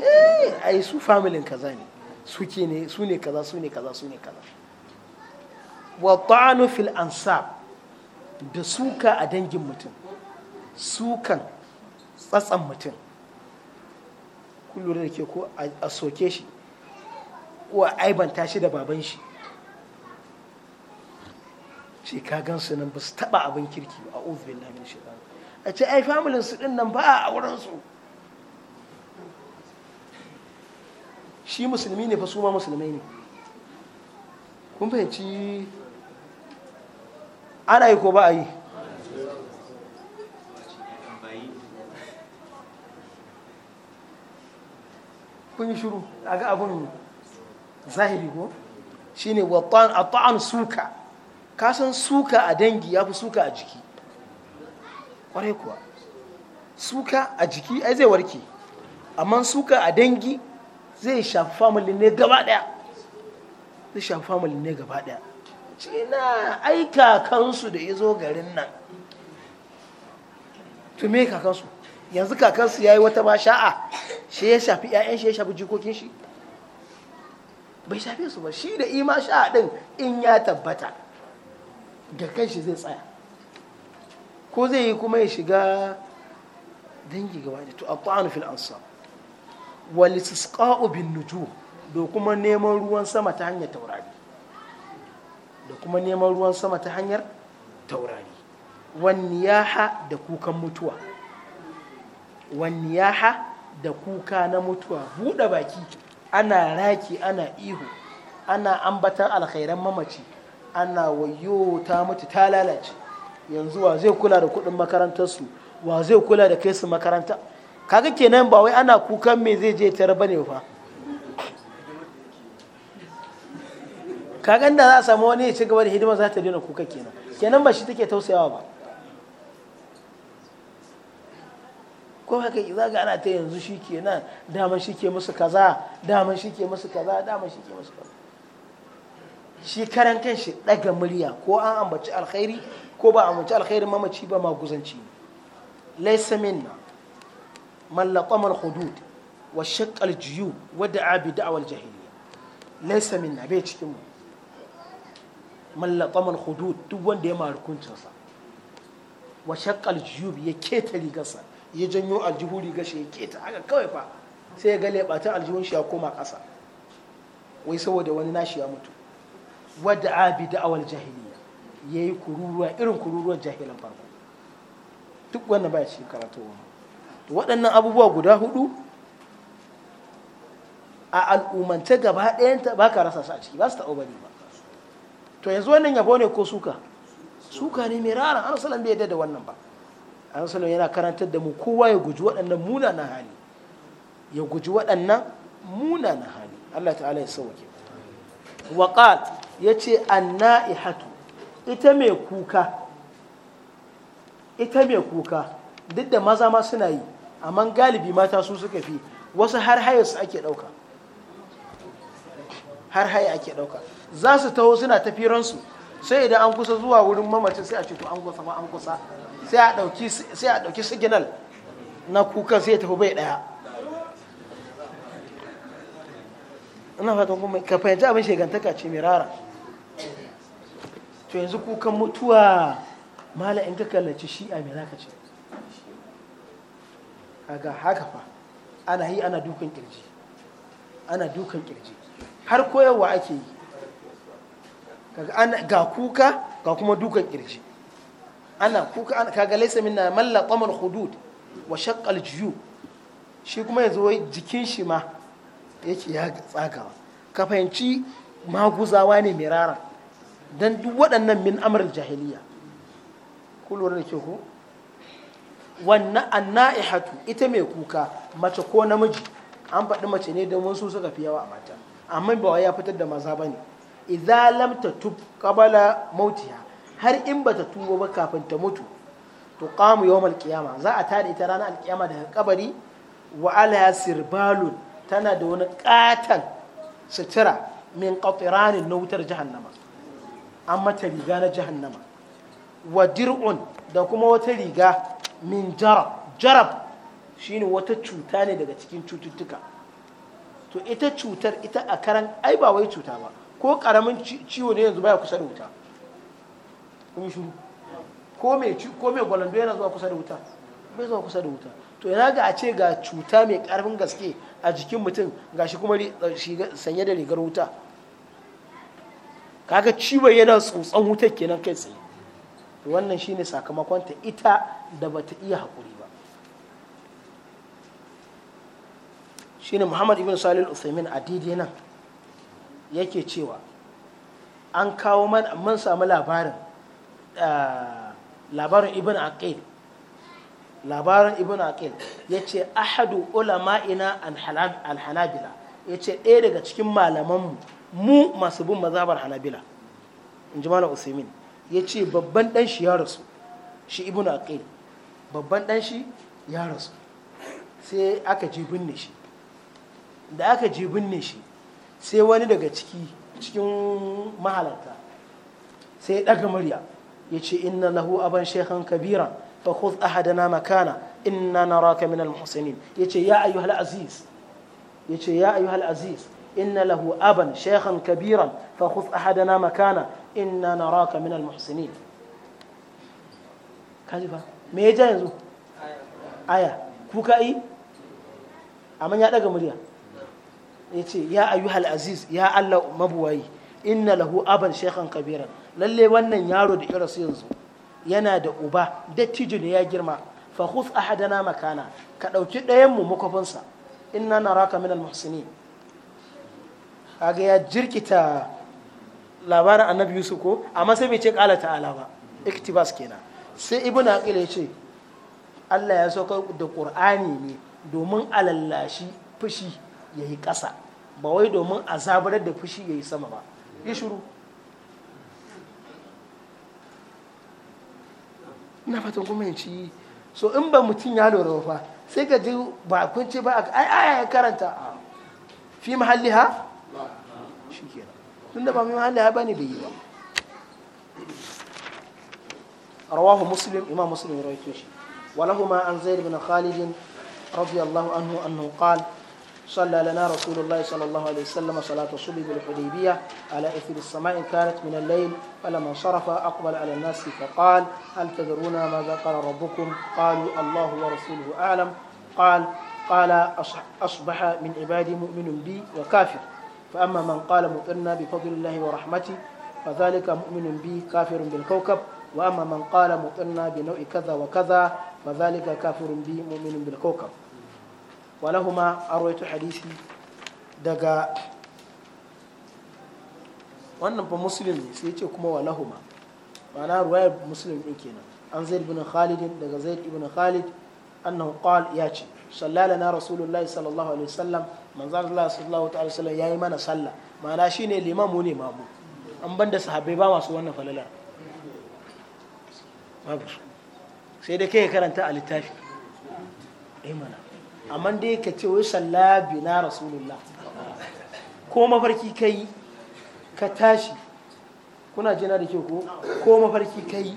eh ai su familin kaza ne suke ne su ne kaza su ne kaza su ne kaza wa ta'anu fil ansab da suka a dangin mutum sukan tsatsan mutum kullum da ke ko a soke shi wa aibanta shi da baban shi ce ka gansu nan ba su taba abin kirki a uzbin lamin shaitan a ce ai familin su din nan ba a auren su shi musulmi ne fa su ma musulmai ne kun fahimci ana yi ko ba a yi kun yi shuru a ga abin zahiri ko shi ne wa ta'an suka ka san suka a dangi ya fi suka a jiki kwarai kuwa suka a jiki ai zai warke amma suka a dangi zai shafi family ne gaba daya zai shafi family ne gaba daya cina aika kansu da ya zo garin nan to me kakansu yanzu kakansu ya yi wata ba sha'a shi ya shafi 'ya'yan shi ya shafi jikokin shi bai shafe su ba shi da ima sha'a din in ya tabbata ga shi zai tsaya ko zai yi kuma ya shiga dangi gaba da to a fil wali su istisqa'u bin nutu da kuma neman ruwan sama ta hanyar taurari da kuma neman ruwan sama ta hanyar taurari wanniyaha da kukan mutuwa wanniyaha da kuka na mutuwa buɗe baki ana raki ana ihu ana ambatan alkhairan mamaci ana wayo ta mutu ta lalace yanzu wa zai kula da kuɗin makarantarsu wa zai kula da kai su makaranta kaga kenan ba wai ana kukan me zai je tare bane fa kagan da za a samu wani ya ci gaba da hidima za ta daina kuka kenan kenan ba shi take tausayawa ba ko haka za ga ana ta yanzu shi kenan daman shi ke musu kaza daman shi ke musu kaza daman shi ke musu kaza shi karan kan shi ɗaga murya ko an ambaci alkhairi ko ba ambaci alkhairi mamaci ba ma guzanci laisa minna mallaqamal hudud wa shaqqal juyu wa da'a bi da'wal jahiliya laisa minna bai cikin mu mallaqamal hudud duk wanda ya mara kuncinsa wa shaqqal juyu ya keta rigarsa ya janyo aljihu rigar shi ya keta haka kawai fa sai ya ga leɓatan aljihun shi ya koma ƙasa wai saboda wani nashi ya mutu wada'a bi da'awal jahiliya yayi kururuwa irin kururuwar jahilan farko duk wannan baya cikin karatu to waɗannan abubuwa guda hudu a al'umance gaba ɗayanta ba ka rasa su a ciki ba su taɓa bari ba to yanzu wannan yabo ne ko suka suka ne mai rara an salam bai yadda da wannan ba an salam yana karantar da mu kowa ya guji waɗannan munanan hali ya guji waɗannan munanan hali Allah ta'ala ya sauke wa qala ya ce anna'ihatu ita mai kuka ita mai kuka duk da maza ma suna yi amma galibi mata su suka fi wasu har haya su ake ɗauka har haya ake ɗauka za su taho suna tafiransu sai idan an kusa zuwa wurin mamacin sai a ce to an kusa ma an kusa sai a ɗauki signal na kuka sai ya tafi bai ɗaya ina fatan kuma ka fahimci abin shegantaka ce mai rara to yanzu kukan mutuwa mala in ka kallaci shi'a a za ka ce kaga haka fa ana yi ana dukan kirji ana dukan kirji har koyarwa ake yi ga kuka ga kuma dukan kirji ana kuka kaga laisa minna malla tamar hudud wa shaqqal juyu shi kuma yanzu wai jikin shi ma yake ya tsagawa ka fahimci maguzawa ne rara. Don duk waɗannan min amrul jahiliya ku lura da ke ku wannan anna'ihatu ita mai kuka mace ko namiji an faɗi mace ne don wasu suka fi yawa a mata amma ba ya fitar da maza ne. ne izalamta tub kabala mautiya. har in ba ta tuba ba kafin ta mutu to qamu yawon alƙiyama. za a tada ita ranar alkiyama daga kabari wa ala sirbalun tana da wani katan sutura min qatranin na wutar jahannama an mata riga na jahannama wa dir'un da kuma wata riga min jarab jarab shine wata cuta ne daga cikin cututtuka to ita cutar ita a karan ai ba wai cuta ba ko karamin ciwo ne yanzu baya kusa da wuta kun shuru ko mai ko mai gwalando yana zuwa kusa da wuta bai zuwa kusa da wuta to yana ga a ce ga cuta mai karfin gaske a jikin mutum gashi kuma sanye da rigar wuta kaga ciwon yana tsotson wutar kenan kai tsaye wannan shine sakamakonta ita da bata iya haƙuri ba shine muhammad ibn salil uthaymin a daidai nan yake cewa an kawo man samu labarin eh, labarin ibn aqil labarin ibn aqil ya ce ahadu ulama al alhanabila yace ɗaya daga cikin malamanmu mu masu bin mazabar hanabila in ji malam usaimin ya ce babban dan shi ya rasu shi ibn aqil babban dan shi ya rasu sai aka je binne shi da aka je binne shi sai wani daga ciki cikin mahalarta sai ya daga murya ya ce inna lahu aban shekhan kabira fa khudh ahadana makana inna naraka min al-muhsinin yace ya ayyuhal aziz yace ya ayyuhal aziz إن له أبا شيخا كبيرا فخذ أحدنا مكانه إنا نراك من المحسنين كذبا me ya ja yanzu aya kuka yi amma ya daga murya ya ce ya ayyuhal aziz ya allah mabuwayi inna lahu aban shekhan kabiran Lallai wannan yaro da irasu yanzu yana da uba dattijo ne ya girma fa khudh ahadana makana ka ɗauki ɗayan mu makofinsa inna naraka minal kaga ya jirkita labarin annabi yusuf ko amma sai bai ce kala ta'ala ba iktibas kenan sai ibn aqil ya ce Allah ya sauka da qur'ani ne domin alallashi fushi yayi ƙasa ba wai domin azabar da fushi yayi sama ba ya shuru na fatan kuma yanci so in ba mutum ya lura ba sai ka ji ba ba ai aya ya karanta fi mahalliha shi kenan tun da ba mai mahalli ba ne bai yi ba rawahu muslim imam muslim ya rawaito shi ولهما عن زيد بن خالد رضي الله عنه أنه قال صلى لنا رسول الله صلى الله عليه وسلم صلاة الصبح بالحديبية على إثر السماء كانت من الليل فلما صرف أقبل على الناس فقال هل تدرون ماذا قال ربكم قالوا الله ورسوله أعلم قال قال أصبح من عبادي مؤمن بي وكافر فأما من قال مطرنا بفضل الله ورحمته فذلك مؤمن به كافر بالكوكب وأما من قال مطرنا بنوع كذا وكذا فذلك كافر به مؤمن بالكوكب ولهما أرويت حديثي دقا wannan fa muslim ne sai ce kuma walahuma ma'ana ruwaya muslim din kenan an zaid ibn khalid daga zaid ibn khalid annahu qala ya ce sallalana rasulullahi sallallahu alaihi wasallam manzan Allah sallallahu ta'ala Salam ya yi mana sallah ma'ana shi ne limamu mu ne mamu an banda sahabbai ba masu wannan falala sai da kai karanta a littafi ai eh mana amma da yake ce wai sallah bina rasulullah ko mafarki kai ka tashi kuna jina da ke ko ko mafarki kai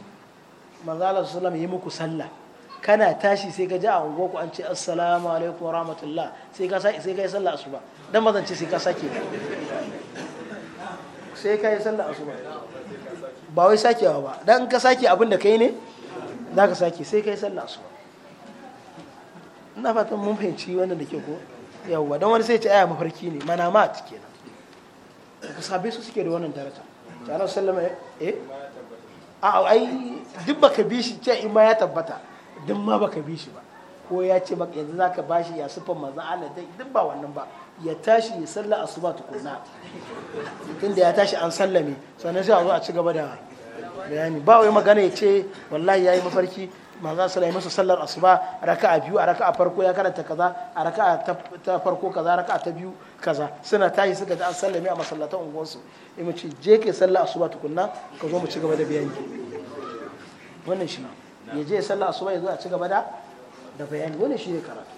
manzan Allah sallallahu ya yi muku sallah kana tashi sai ka ji a unguwa ku an ce assalamu alaikum rahmatullah sai ka sai kai sallah asuba dan bazan ce sai ka sake sai kai sallah asuba ba wai sake ba dan ka sake abin da kai ne za ka sake sai kai sallah asuba ina fatan mun fahimci wannan da ke ko yawwa dan wani sai ce aya mafarki ne mana ma na ka sabe su suke da wannan daraja ta Allah sallama eh a ai duk ka bi shi ce in ma ya tabbata don ma baka bi shi ba ko ya ce maka yanzu zaka bashi ya sufan manzo Allah dai duk ba wannan ba ya tashi ya salla asuba tukuna tunda ya tashi an sallame sannan sai a zo a ci gaba da bayani ba wai magana ya ce wallahi yayi mafarki manzo sallallahu ya wasallam sallar asuba a biyu a raka a farko ya karanta kaza a raka ta farko kaza a ta biyu kaza suna tashi suka ji an sallame a masallatan unguwarsu in mu ce je ke sallar asuba tukunna ka zo mu ci gaba da bayani wannan shi ne ya je sallah asuba ya zo a ci gaba da da bayani wani shine karatu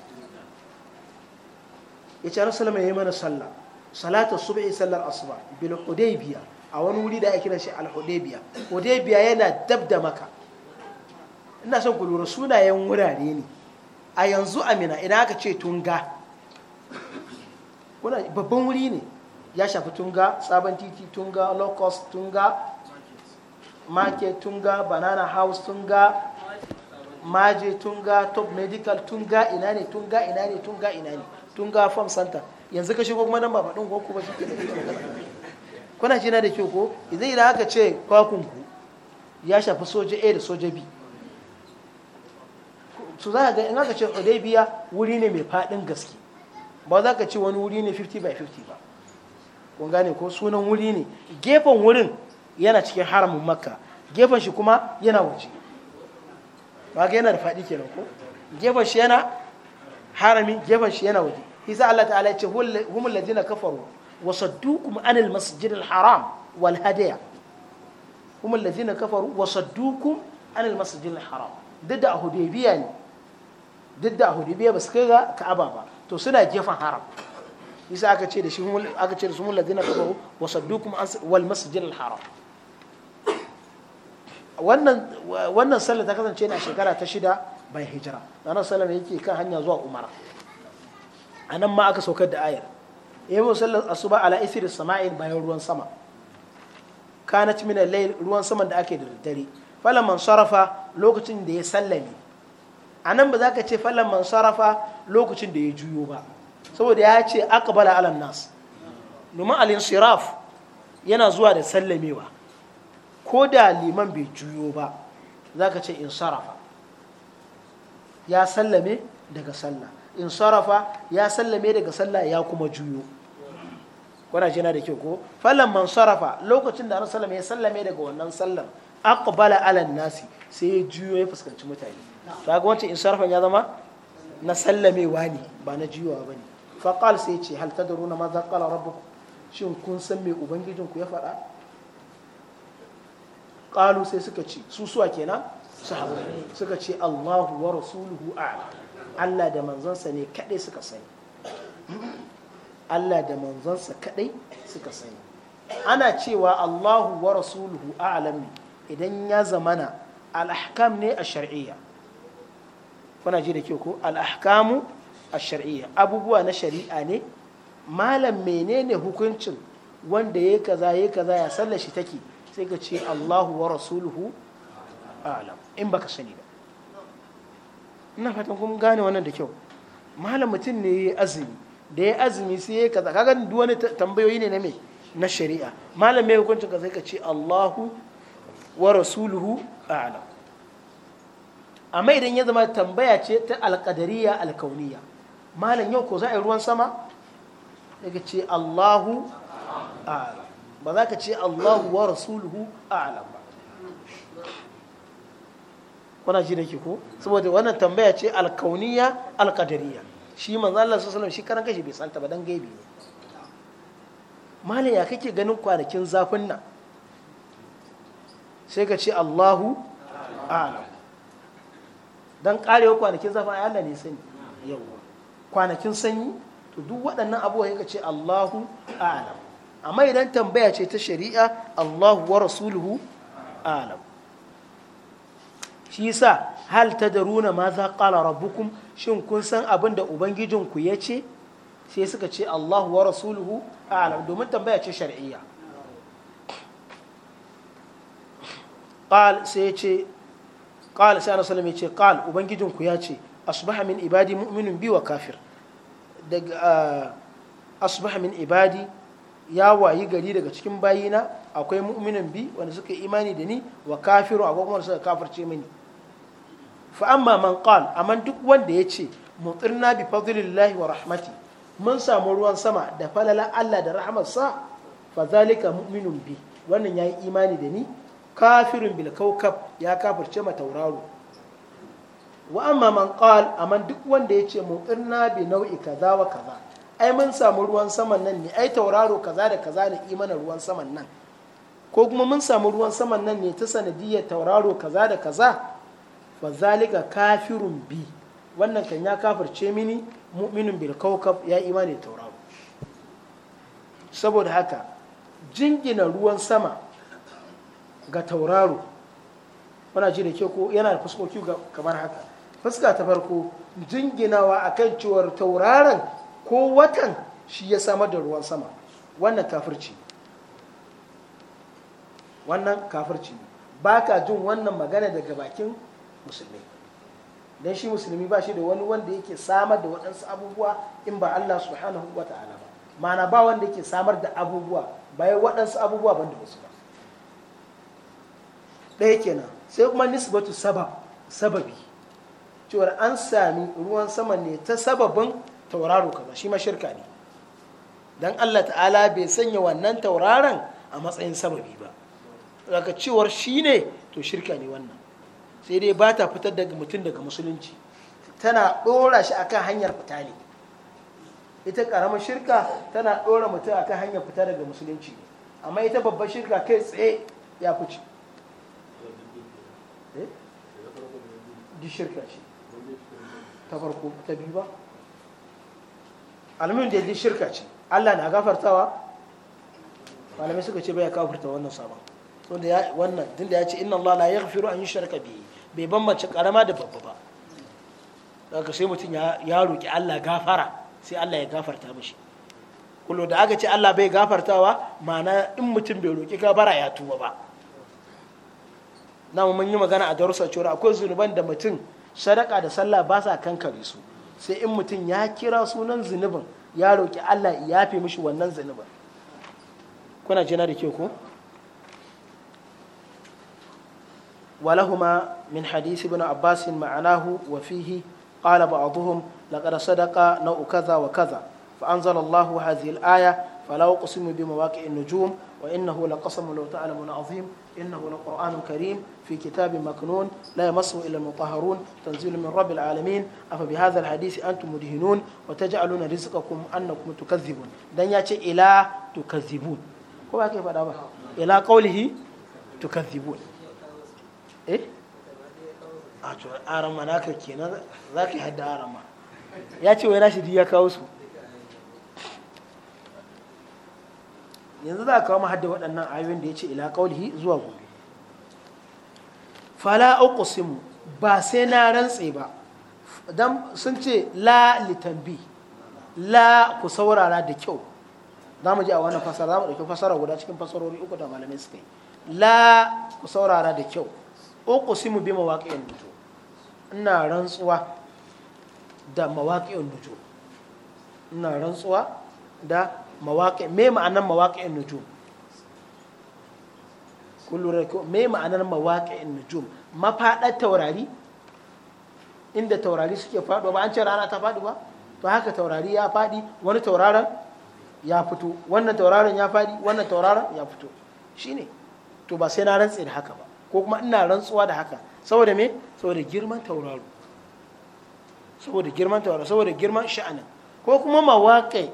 yace rasulullah ya yi mana sallah salatu subhi sallar asuba bil hudaybiya a wani wuri da ake kira shi al hudaybiya hudaybiya yana dab da maka ina son ku lura sunayen wurare ne a yanzu amina idan aka ce tunga babban wuri ne ya shafi tunga sabon titi tunga locust tunga market tunga banana house tunga maje ga top medical tun ga ina ne tun ga ina ne tun ga ina ne tun ga farm center yanzu ka shigo kuma nan ba faɗin ko ba shi ke da kuna jina da kyau ko idan idan aka ce kwakunku ya shafi soja a da soja b su za ga in aka ce hudaybiya wuri ne mai faɗin gaske ba za ka ce wani wuri ne 50 by 50 ba kun gane ko sunan wuri ne gefen wurin yana cikin haramun makka gefen shi kuma yana waje ba ga yana da faɗi kenan ko gefen shi yana harami gefen shi yana waje isa Allah ta'ala ya ce humul ladina kafaru wa saddukum anil masjidil haram wal hadiya humul ladina kafaru wa saddukum anil masjidil haram duk da hudaybiya ne duk da hudaybiya ba su kai ga ka'aba ba to suna gefen haram isa aka ce da shi aka ce da su humul ladina kafaru wa saddukum wal masjidil haram wannan sallah ta kasance na shekara ta shida bai hijira ranar sallah yake kan hanya zuwa umara a nan ma aka saukar da ayar yabo sallar asuba ala isri sama'in bayan ruwan sama kanat min al ruwan saman da ake da daddare falon sarafa lokacin da ya sallame a nan ba za ka ce falon sarrafa lokacin da ya juyo ba saboda ya ce aqbala alam nas domin alin siraf yana zuwa da sallamewa ko da liman bai juyo ba za ka ce in sarafa ya sallame daga sallah in sarrafa ya sallame daga sallah ya kuma juyo kuna jina da kyau ko fallon man sarafa lokacin da sallame ya sallame daga wannan sallar akwabala alan nasi sai ya juyo ya fuskanci mutane ga wancan in sarrafa ya zama na sallamewa ne ba na juyowa ba ne faƙal sai ce halta da ma za qala rabbukum shin kun san me ubangijinku ya faɗa qalu sai suka ce su suwa kenan sahabbai suka ce Allahu wa rasuluhu a'lam Allah da manzansa ne kadai suka sani Allah da manzansa kadai suka sani ana cewa Allahu wa rasuluhu a'lam idan ya zamana al-ahkam ne a shar'iyya kuna ji da kyau ko al-ahkamu ash-shar'iyya abubuwa na shari'a ne malam menene hukuncin wanda ya kaza ya kaza ya sallashi take sai ka ce Allahu wa rasuluhu alam in baka sani ba ina fatan kun gane wannan da kyau malam mutum ne yayi azumi da yayi azumi sai yayi kaza kaga duk wani tambayoyi ne na me na shari'a malam mai hukuncin ka sai ka ce Allahu wa rasuluhu a'lam amma idan ya zama tambaya ce ta alqadariya alkauniya malam yau ko za a yi ruwan sama daga ce Allahu a'lam ba za ka ce Allahu wa rasuluhu a'lam ba kuna ji da ke ko saboda wannan tambaya ce alkauniya alkadariya shi manzo Allah sallallahu shi karan kashi bai santa ba dan gaibi ne malam ya kake ganin kwanakin zafin nan sai ka ce Allahu a'lam dan karewa kwanakin zafin ai Allah ne sani yawa kwanakin sanyi to duk waɗannan abubuwa ya ce Allahu a'lam amma idan tambaya ce ta shari'a Allahu wa rasuluhu alam shi sa hal tadruna ma za qala rabbukum shin kun san abin da ubangijinku ya ce sai suka ce Allahu wa rasuluhu alam domin tambaya ce shar'iyya qal sai ce qal sai annabi sallallahu ce qal ubangijinku ya ce asbaha min ibadi mu'minun bi wa kafir daga ah, asbaha min ibadi ya wayi gari daga cikin bayina akwai mu'minin bi wanda suka yi imani da ni wa kafiru a kuma suka kafirce mini fa amma man qal amma duk wanda ya ce mutirna bi fadlillahi wa rahmati mun samu ruwan sama da falala Allah da rahmarsa fa zalika mu'minun bi wannan yayi imani da ni kafirin bil kawkab ya kafirce ma tauraro wa amma man qal amma duk wanda ya ce mutirna bi nau'i kaza wa kaza ai mun samu ruwan saman nan ne ai tauraro kaza da kaza ne imanin ruwan saman nan ko kuma mun samu ruwan saman nan ne ta sanadiyar tauraro kaza da kaza fa zalika kafirun bi wannan kan ya kafirce mini mu'minin bil kaukab ya imani tauraro saboda haka jingina ruwan sama ga tauraro wana ji da ke ko yana da fuskoki kamar haka fuska ta farko jinginawa akan cewar tauraron ko watan shi ya samar da ruwan sama wannan kafirci wannan kafirci ba ka jin wannan magana daga bakin musulmi don shi musulmi ba shi da wani wanda yake samar da waɗansu abubuwa in ba Allah subhanahu wa ta'ala ba mana ba wanda yake samar da abubuwa bayan waɗansu abubuwa ban da wasu ba ɗaya kenan sai kuma nisbatu sabab sababi cewar an sami ruwan sama ne ta sababin tauraro kaza shi ma shirka ne dan Allah ta'ala bai sanya wannan tauraron a matsayin sababi ba daga cewar shi ne to shirka ne wannan sai dai ba ta fitar daga mutum daga musulunci tana ɗora shi akan hanyar fita ne ita ƙaramar shirka tana ɗora mutum akan hanyar fita daga musulunci amma ita babbar shirka kai tsaye ya fice eh? di shirka ce ta farko ta biyu ba alamin da ya shirka ce Allah na gafartawa malamai suka ce bai gafarta wannan sabon wanda ya wannan din da ya ce inna Allah la yaghfiru an shirka bihi bai bambance karama da babba ba daga sai mutum ya roƙi Allah gafara sai Allah ya gafarta mishi kullu da aka ce Allah bai gafartawa ma'ana in mutum bai roƙi gafara ya tuba ba na mun yi magana a darussa cewa akwai zunuban da mutum sadaka da sallah ba sa kankare su sai in mutum ya kira sunan zunubin ya roki Allah ya fi mishi wannan zunubin kuna jina da kyau ko walahuma min hadisi ibn abbas ma'anahu wa fihi qala ba'dhum laqad sadaqa na'u kaza wa kaza fa anzala Allahu hadhihi al-aya fala uqsimu bi mawaqi'in nujum وإنه لقسم لو تعلمون عظيم إنه لقرآن كريم في كتاب مكنون لا يمسه إلا المطهرون تنزيل من رب العالمين أفبهذا الحديث أنتم مدهنون وتجعلون رزقكم أنكم تكذبون دن يأتي إلى تكذبون هو كيف هذا إلى قوله تكذبون إيه أرمى ناكر كينا ذاك حد أرمى يأتي ويناشد يا كاوسو yanzu za a kawo mahadda waɗannan ayoyin da ya ce ila ƙaulihi zuwa gobe fala uqsimu ba sai na rantse ba dan sun ce la litambi la ku saurara da kyau za mu ji a wannan fasara za mu ɗauki fasara guda cikin fasarori uku da malamai suka yi la ku saurara da kyau uqsimu bi mawaqi'in dujo ina rantsuwa da mawaqi'in dujo ina rantsuwa da mawaƙi me ma'anar mawaƙi'in nujum kullum ko me ma'anar mawaƙi'in nujum mafaɗar taurari inda taurari suke faɗo ba an ce rana ta faɗi ba to haka taurari ya faɗi wani tauraron ya fito wannan tauraron ya faɗi wannan tauraron ya fito shi ne to ba sai na rantsi da haka ba ko kuma ina rantsuwa da haka saboda me saboda girman tauraro saboda girman tauraro saboda girman sha'anin ko kuma mawaƙi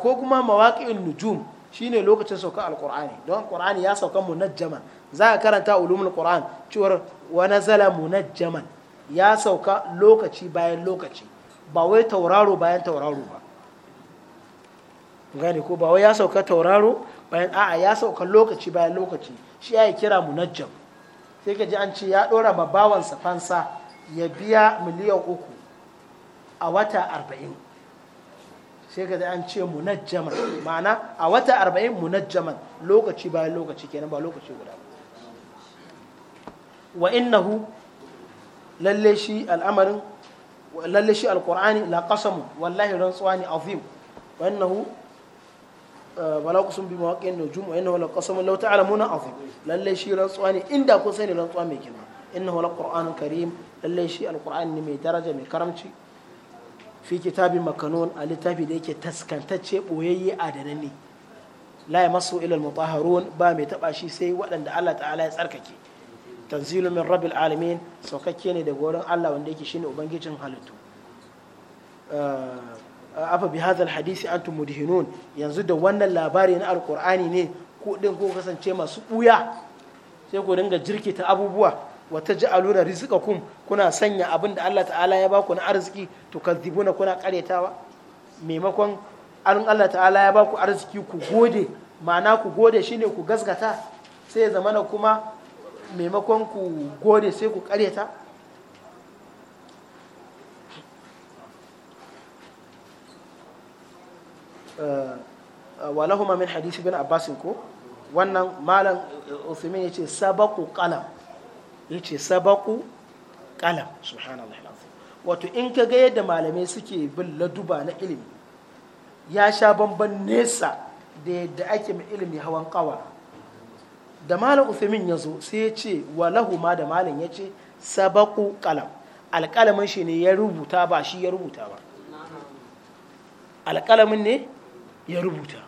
ko kuma mawaƙin nujum shine lokacin sauka alƙur'ani don qur'ani ya sauka munajjaman za a karanta ulumul qur'an cewar wani zala munajjaman ya sauka lokaci bayan lokaci ba wai tauraro bayan tauraro ba gani ko ba wai ya sauka tauraro bayan a'a ya sauka lokaci bayan lokaci shi ya yi kira munajjam sai ka ji an ce ya ɗora ma bawansa fansa ya biya miliyan uku a wata arba'in sai ka an ce munajjaman ma'ana a wata arba'in munajjaman lokaci bayan lokaci kenan ba lokaci guda ba wa innahu lalle shi al'amarin lalle shi alqur'ani la qasamu wallahi rantsuwa ne azim wa innahu eh, bala qasam bi mawaqi'in nujum wa innahu la qasamu law ta'lamuna azim lalle shi rantsuwa ne inda kun sani rantsuwa mai girma innahu la qur'anun karim lalle shi alqur'ani ne mai daraja mai karamci fi kitabin makanun a littafi da yake taskantacce da nan ne la ya masu ilal mutahharun ba mai taɓa shi sai waɗanda Allah ta'ala ya tsarkake tanzilu min rabbil alamin saukakke ne daga wurin Allah wanda yake shine ubangijin halittu ah, afa bi hadha alhadisi antum mudhinun yanzu da wannan labari na alqur'ani ne ko din ko kasance masu buya sai ku dinga jirkita abubuwa wata rizika kun kuna sanya abin da Allah ta'ala ya baku na arziki to kadhibuna kuna karetawa maimakon an Allah ta'ala ya baku arziki ku gode ma'ana ku gode shine ku gasgata sai ya zamana kuma maimakon ku gode sai ku kareta eh, walahuma min hadisi bin abbasin ko wannan malam ya yace sabaku qalam ce sabaku qalam subhanallahi wato in ka ga yadda malamai suke bin laduba na ilimi ya sha bamban nesa da yadda ake mai ilimi hawan kawa da malam uthmin ya zo sai ya ce walahu ma da malam ya ce sabaku kalam alƙalamin shi ne ya rubuta ba shi ya rubuta ba alƙalamin ne ya rubuta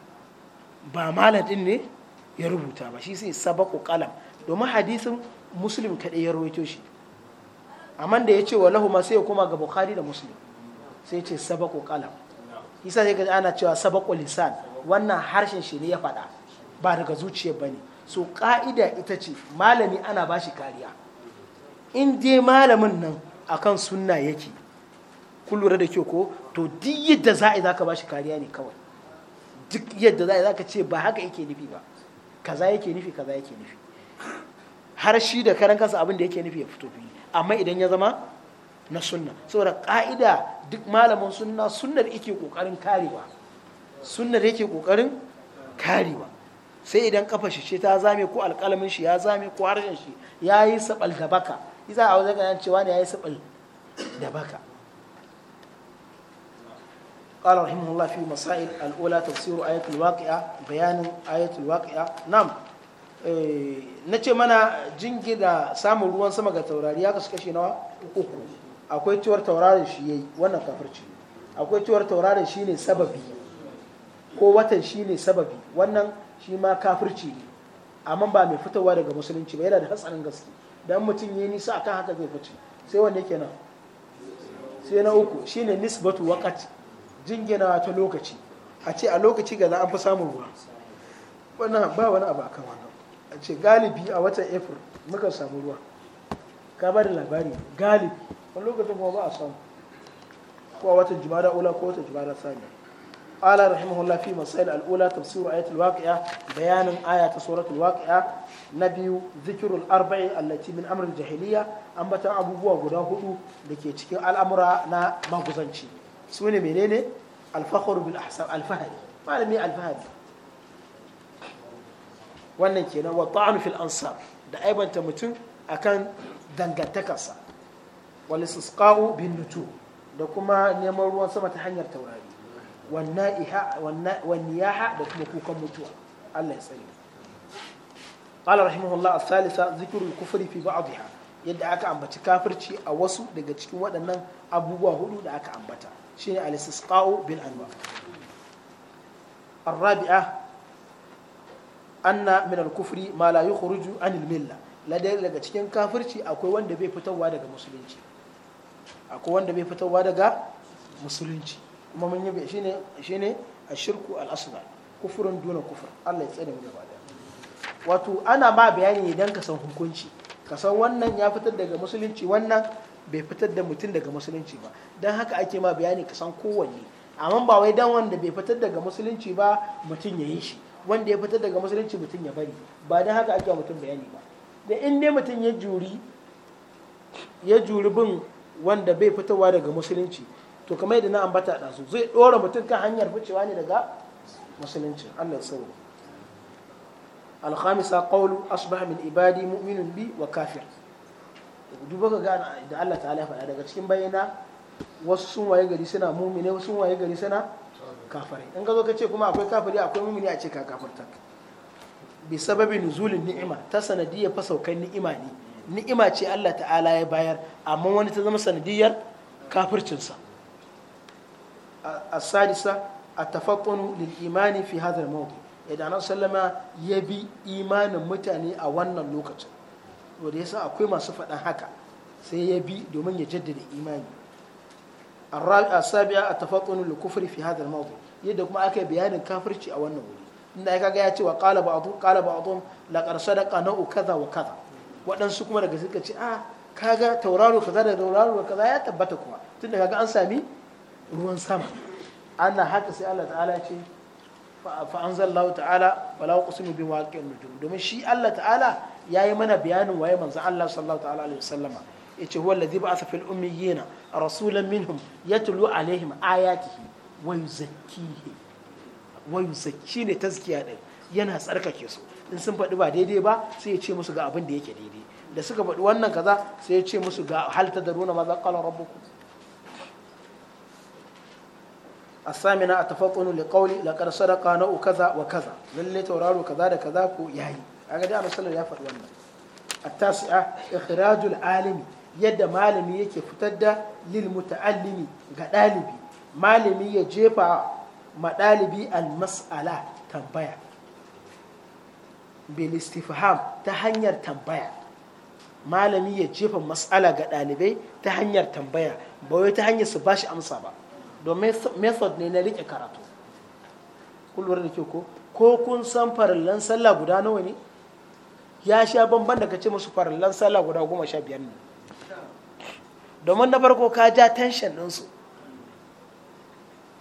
ba malam din ne ya rubuta ba shi sai sabaku kalam domin hadisin muslim kaɗai ya rawaito shi amma da ya ce wa lahuma sai ya koma ga bukhari da muslim sai ce sabako kalam isa sai ga ana cewa sabako lisan wannan harshen shi ne ya faɗa ba daga zuciyar ba ne so ka'ida ita ce malami ana ba shi kariya in dai malamin nan akan sunna yake kun lura da kyau ko to duk yadda za a yi za ka ba shi kariya ne kawai duk yadda za a yi za ka ce ba haka yake nufi ba kaza yake nufi kaza yake nufi har shi da karan kansa abin da yake nufi ya fito fili amma idan ya zama na sunna saboda ka'ida duk malamin sunna sunnar yake kokarin karewa sunnar yake kokarin karewa sai idan kafa shi ce ta zame ko alƙalamin shi ya zame ko harshen shi ya yi sabal da baka isa a wajen ganin cewa ne ya yi sabal da baka قال رحمه الله في مسائل الأولى تفسير آية الواقعة بيان آية الواقعة نعم Eh, na ce mana jingina samun ruwan sama ga taurari ya kasu kashe nawa uku akwai ciwar taurarin shi yayi wannan kafirci akwai ciwar taurarin shi ne sababi ko watan shi ne sababi wannan shi ma kafirci ne amma ba mai fitowa daga musulunci ba yana da hatsarin gaske dan mutum yi nisa akan haka zai fice sai wanne nan sai na uku shine nisbatu waqati jingina ta lokaci a ce a lokaci ga za an fi samun ruwa wannan ba wani abu akan wannan a ce galibi a watan april muka samu ruwa ka ba da labari galibi wani lokacin kuma ba a samu ko a watan jumada ula ko watan jumada sani ala rahimahullah fi masail al'ula tafsiru ayatul waqi'a bayanin aya ta suratul waqi'a na biyu zikirul arba'i allati min amrul jahiliya ambatan abubuwa guda hudu da ke cikin al'amura na maguzanci su ne menene alfahari bil ahsan alfahari malami alfahari wannan kenan wa ta'anu fil da aibanta mutum a kan dangantakarsa wal istisqa'u bin nutu da kuma neman ruwan sama ta hanyar taurari wan niyaha da kuma kukan mutuwa Allah ya tsare قال رحمه الله Salisa ذكر الكفر في بعضها yadda aka ambaci kafirci a wasu daga cikin waɗannan abubuwa huɗu da aka ambata shine al-istisqa'u bil anwa الرابعة anna min al-kufri ma la yukhruju al milla dai daga cikin kafirci akwai wanda bai fitarwa daga musulunci akwai wanda bai fitarwa daga musulunci kuma mun yi shine shine ashirku al-asghar kufrun duna kufr Allah ya tsare mu gaba da wato ana ma bayani idan ka san hukunci ka san wannan ya fitar daga musulunci wannan bai fitar da mutum daga musulunci ba don haka ake ma bayani ka san kowanne amma ba wai dan wanda bai fitar daga musulunci ba mutum ya yi shi wanda ya fitar daga musulunci mutum ya bari ba don haka ake mutum bayani ba da in ne mutum ya juri ya juri bin wanda bai fitowa daga musulunci to kamar yadda na ambata a su zai ɗora mutum kan hanyar ficewa ne daga musulunci allah sauro alhamisa qawlu asbaha min ibadi mu'minun bi wa kafir duba ka ga da allah ta'ala faɗa daga cikin bayyana wasu sun waye gari suna mumine wasu sun waye gari suna kafirai in ka zo ka ce kuma akwai kafiri akwai mumini a ce ka kafirta bi sababin nuzulin ni'ima ta sanadiyar fa saukan ni'ima ne ni'ima ce Allah ta'ala ya bayar amma wani ta zama sanadiyar kafircinsa a sadisa a tafakkunu lil imani fi hadar mawdu idan an sallama ya bi imanin mutane a wannan lokacin wanda yasa akwai masu faɗan haka sai ya bi domin ya jaddada imani السابعة التفطن kufri fi هذا الموضوع yadda kuma aka yi bayanin kafirci a wannan wuri inda ya kaga ya ce wa qala ba'dhum qala ba'dhum laqad sadaqa kaza wa kaza waɗansu kuma daga suka ce a ah, kaga tauraro kaza da tauraro kaza ya tabbata kuma tunda kaga an sami ruwan sama ana haka sai Allah ta'ala ce fa anzalallahu ta'ala wala uqsimu bi waqi'in nujum domin shi Allah ta'ala yayi mana bayanin waye manzo Allah sallallahu ta'ala alaihi wasallama yace huwa alladhi ba'atha fil ummiyina rasulan minhum yatlu alaihim ayatihi wayu zaki ne taskiya din yana tsarkake su in sun faɗi ba daidai ba sai ya ce musu ga abin da yake daidai da suka faɗi wannan kaza sai ya ce musu ga samina a daruna ma za qala rabbukum الثامنة أتفطن kaza لقد صدق نوء كذا kaza للي تورارو كذا كذا كو يهي أقد أنا ya faɗi wannan. A tasia إخراج العالم yadda malami yake fitar da lil muta'allimi ga ɗalibi malami ya jefa maɗalibi al-mas'ala tambaya bil istifham ta hanyar tambaya malami ya jefa mas'ala ga ɗalibai ta hanyar tambaya ba wai ta hanyar su bashi amsa ba domin method ne na rike karatu kulwar da ke ko ko kun san farallan sallah guda nawa ne ya sha bamban da ka ce musu farallan sallah guda goma sha biyar ne domin na farko ka ja tension ɗinsu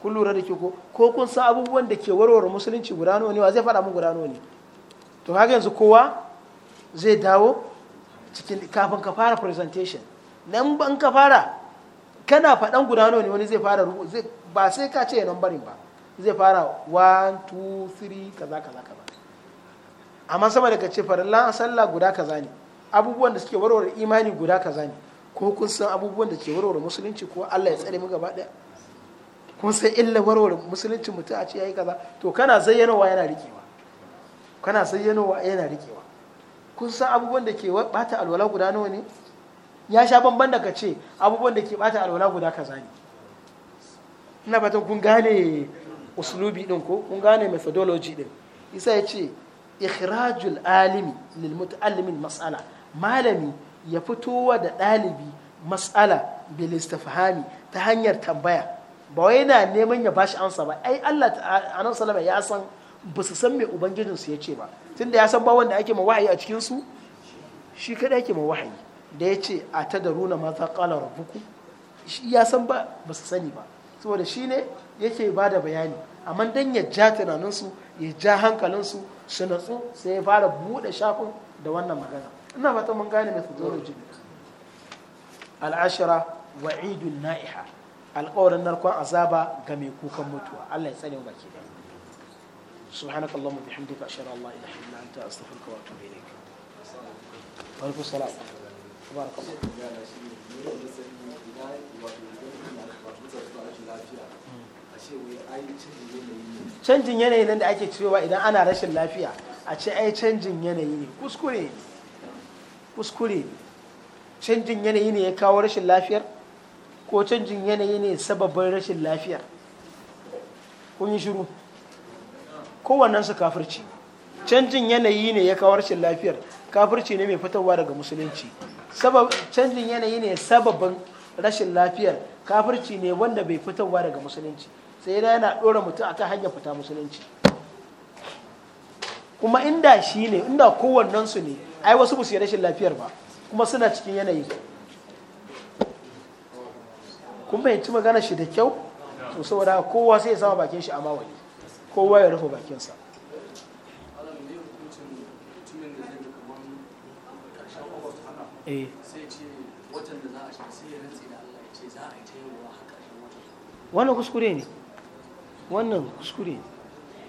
kun lura da ke ko ko kun san abubuwan da ke warware musulunci guda nawa ne wa zai faɗa mun guda nawa ne to haka yanzu kowa zai dawo cikin kafin ka fara presentation nan ban ka fara kana faɗan guda nawa ne wani zai fara ba sai ka ce nan barin ba zai fara 1 2 3 kaza kaza kaza amma sama da ka ce farillan sallah guda kaza ne abubuwan da suke warware imani guda kaza ne ko kun san abubuwan da ke warware musulunci ko Allah ya tsare mu gaba daya kun san illa warware musulunci mutum a ce yi kaza to kana zayyanowa yana rikewa kana zayyanowa yana rikewa kun san abubuwan da ke bata alwala guda nawa ne ya sha bamban daga ce abubuwan da ke bata alwala guda kaza ne ina fatan kun gane uslubi din ko kun gane methodology din isa ya ce ikhrajul alimi lil muta'allimin mas'ala malami ya fitowa da dalibi mas'ala bil istifhami ta hanyar tambaya ba wai yana neman ya bashi ansa ba ai Allah anan salama ya san ba su san me ubangijin su yace ba tunda ya san ba wanda ake ma wahayi a cikin su shi kada ake ma wahayi da yace a tadaruna ma ta qala rabbukum shi ya san ba ba su sani ba saboda shi ne yake ba da bayani amma dan ya ja tunanin su ya ja hankalin su su natsu sai ya fara buɗe shafin da wannan magana ina fata mun gane methodology al'ashira wa'idun na'iha alkawarin narkon azaba ga mai kukan mutuwa Allah ya tsane mu baki da سبحانك اللهم وبحمدك اشهد ان لا اله الا انت استغفرك واتوب اليك وعليكم السلام تبارك الله canjin yanayi nan da ake cewa idan ana rashin lafiya a ce ai canjin yanayi ne kuskure ne kuskure ne canjin yanayi ne ya kawo rashin lafiyar ko canjin yanayi ne sababin rashin lafiya kun yi shiru kowannen su kafirci canjin yanayi ne ya kawar rashin lafiyar kafirci ne mai fitowa daga musulunci canjin yanayi ne sababin rashin lafiyar kafirci ne wanda bai fitowa daga musulunci sai da yana ɗora mutum ta hanyar fita musulunci kuma inda shi ne inda kowannensu ne ai wasu ba su yi rashin lafiyar ba kuma suna cikin yanayi kun fahimci magana shi da kyau to saboda kowa sai ya sama bakin shi a mawali kowa ya rufe bakinsa eh. wannan kuskure ne wannan kuskure ne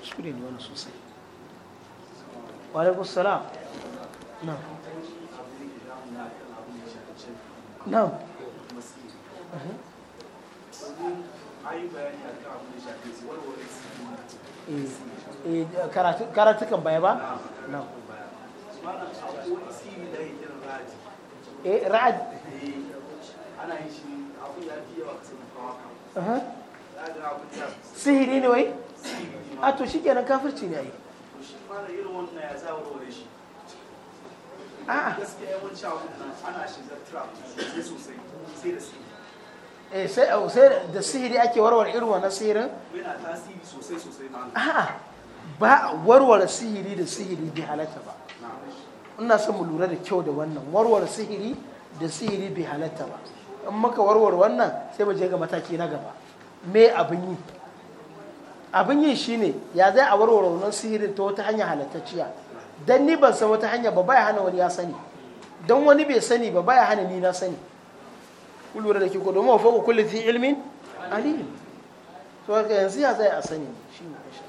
kuskure ne wannan sosai walaikun salam na na karatukan baya ba? na eh ra'ad uh-huh. sihiri ne wai? a ah, to shi kenan kafirci ne a ah. gaskiya yawanci trap sosai sai da sihiri Eh, sai da sihiri ake warware irin wannan sihirin yana tasiri sosai sosai a'a ba warware sihiri da sihiri bai halatta ba ina son mu lura da kyau da wannan warware sihiri da sihiri bai halatta ba in maka warware wannan sai mu je ga mataki na gaba me abin yi abin yi shine ya zai a warware wannan sihirin ta wata hanya halattacciya Don ni ban san wata hanya ba ba ya hana wani ya sani Don wani bai sani ba ba ya hana ni na sani ku da ke ko domin fa ku kulli fi ilmin alim to ka yanzu ya zai a sani shi ne insha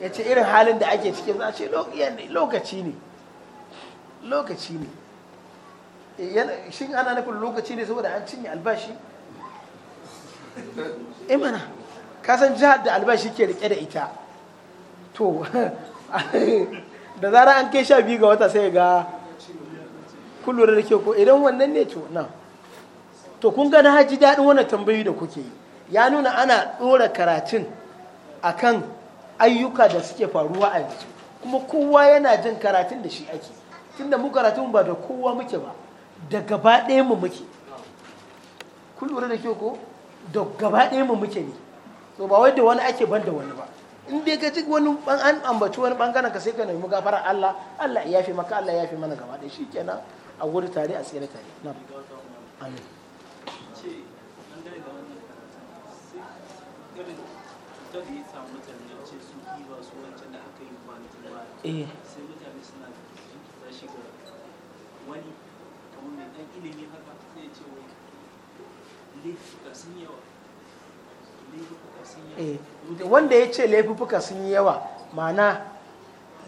ya ce irin halin da ake cikin za a ce lokaci ne lokaci ne eh, shi ana nufin lokaci ne saboda an cinye albashi imana eh, kasan jihar da albashi ke rike da ita to <laughs> da zara an kai sha biyu ga wata sai ga kullum da ke ko idan wannan ne to na to kun gani haji daɗin wannan tambayi da kuke yi ya nuna ana ɗora karatun akan ayyuka da suke faruwa a yanzu kuma kowa yana jin karatun da shi ake tunda mu karatun ba da kowa muke ba da gaba ɗaya mu muke kullum da ke ko da gaba ɗaya mu muke ne so ba wai da wani ake ban da wani ba in dai ka ci wani ban an ambaci wani bangaren ka sai ka nemi gafara Allah Allah ya fi maka Allah ya fi mana gaba ɗaya shikenan a gudu tare a tsere tare na amin eh wani kamar mai ilimi Eh, wanda ya ce laifuffuka sun yi yawa ma'ana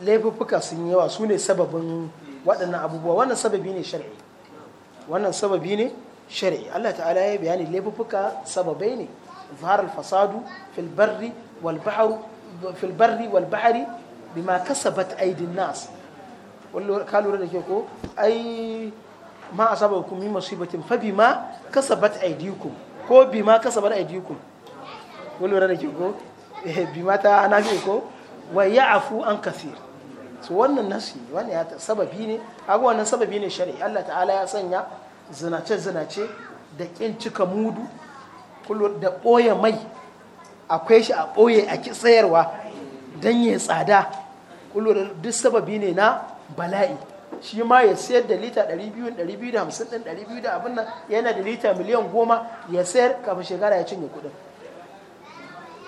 laifuffuka sun yi yawa su ne sababin waɗannan abubuwa wannan sababi ne shari'i wannan sababi ne shari'i Allah ta'ala ya bayani laifuka sababai ne zahar fasadu filbarri barri wal bahari bima kasabat aidin nas ka lura da ke ko ai ma masu min fabi fa kasa bat aidiku ko ma kasa bat aidiku ko lura da ko eh, ma ta ana ko wa afu an kasir su wannan nasi wani ya ta sababi ne kaga wannan sababi ne shari'i Allah ta'ala ya sanya zinace zinace da kin cika mudu kullu da boye mai akwai shi a boye a tsayarwa dan ya tsada kullu duk sababi ne na bala'i shi ma ya sayar da lita 200 250 din 200 da abin nan yana da lita miliyan goma ya sayar kafin shekara ya cinye kuɗin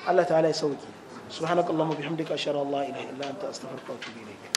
Allah ta'ala ya sauke subhanakallahumma bihamdika ashhadu ilaha illa anta astaghfiruka wa atubu ilayk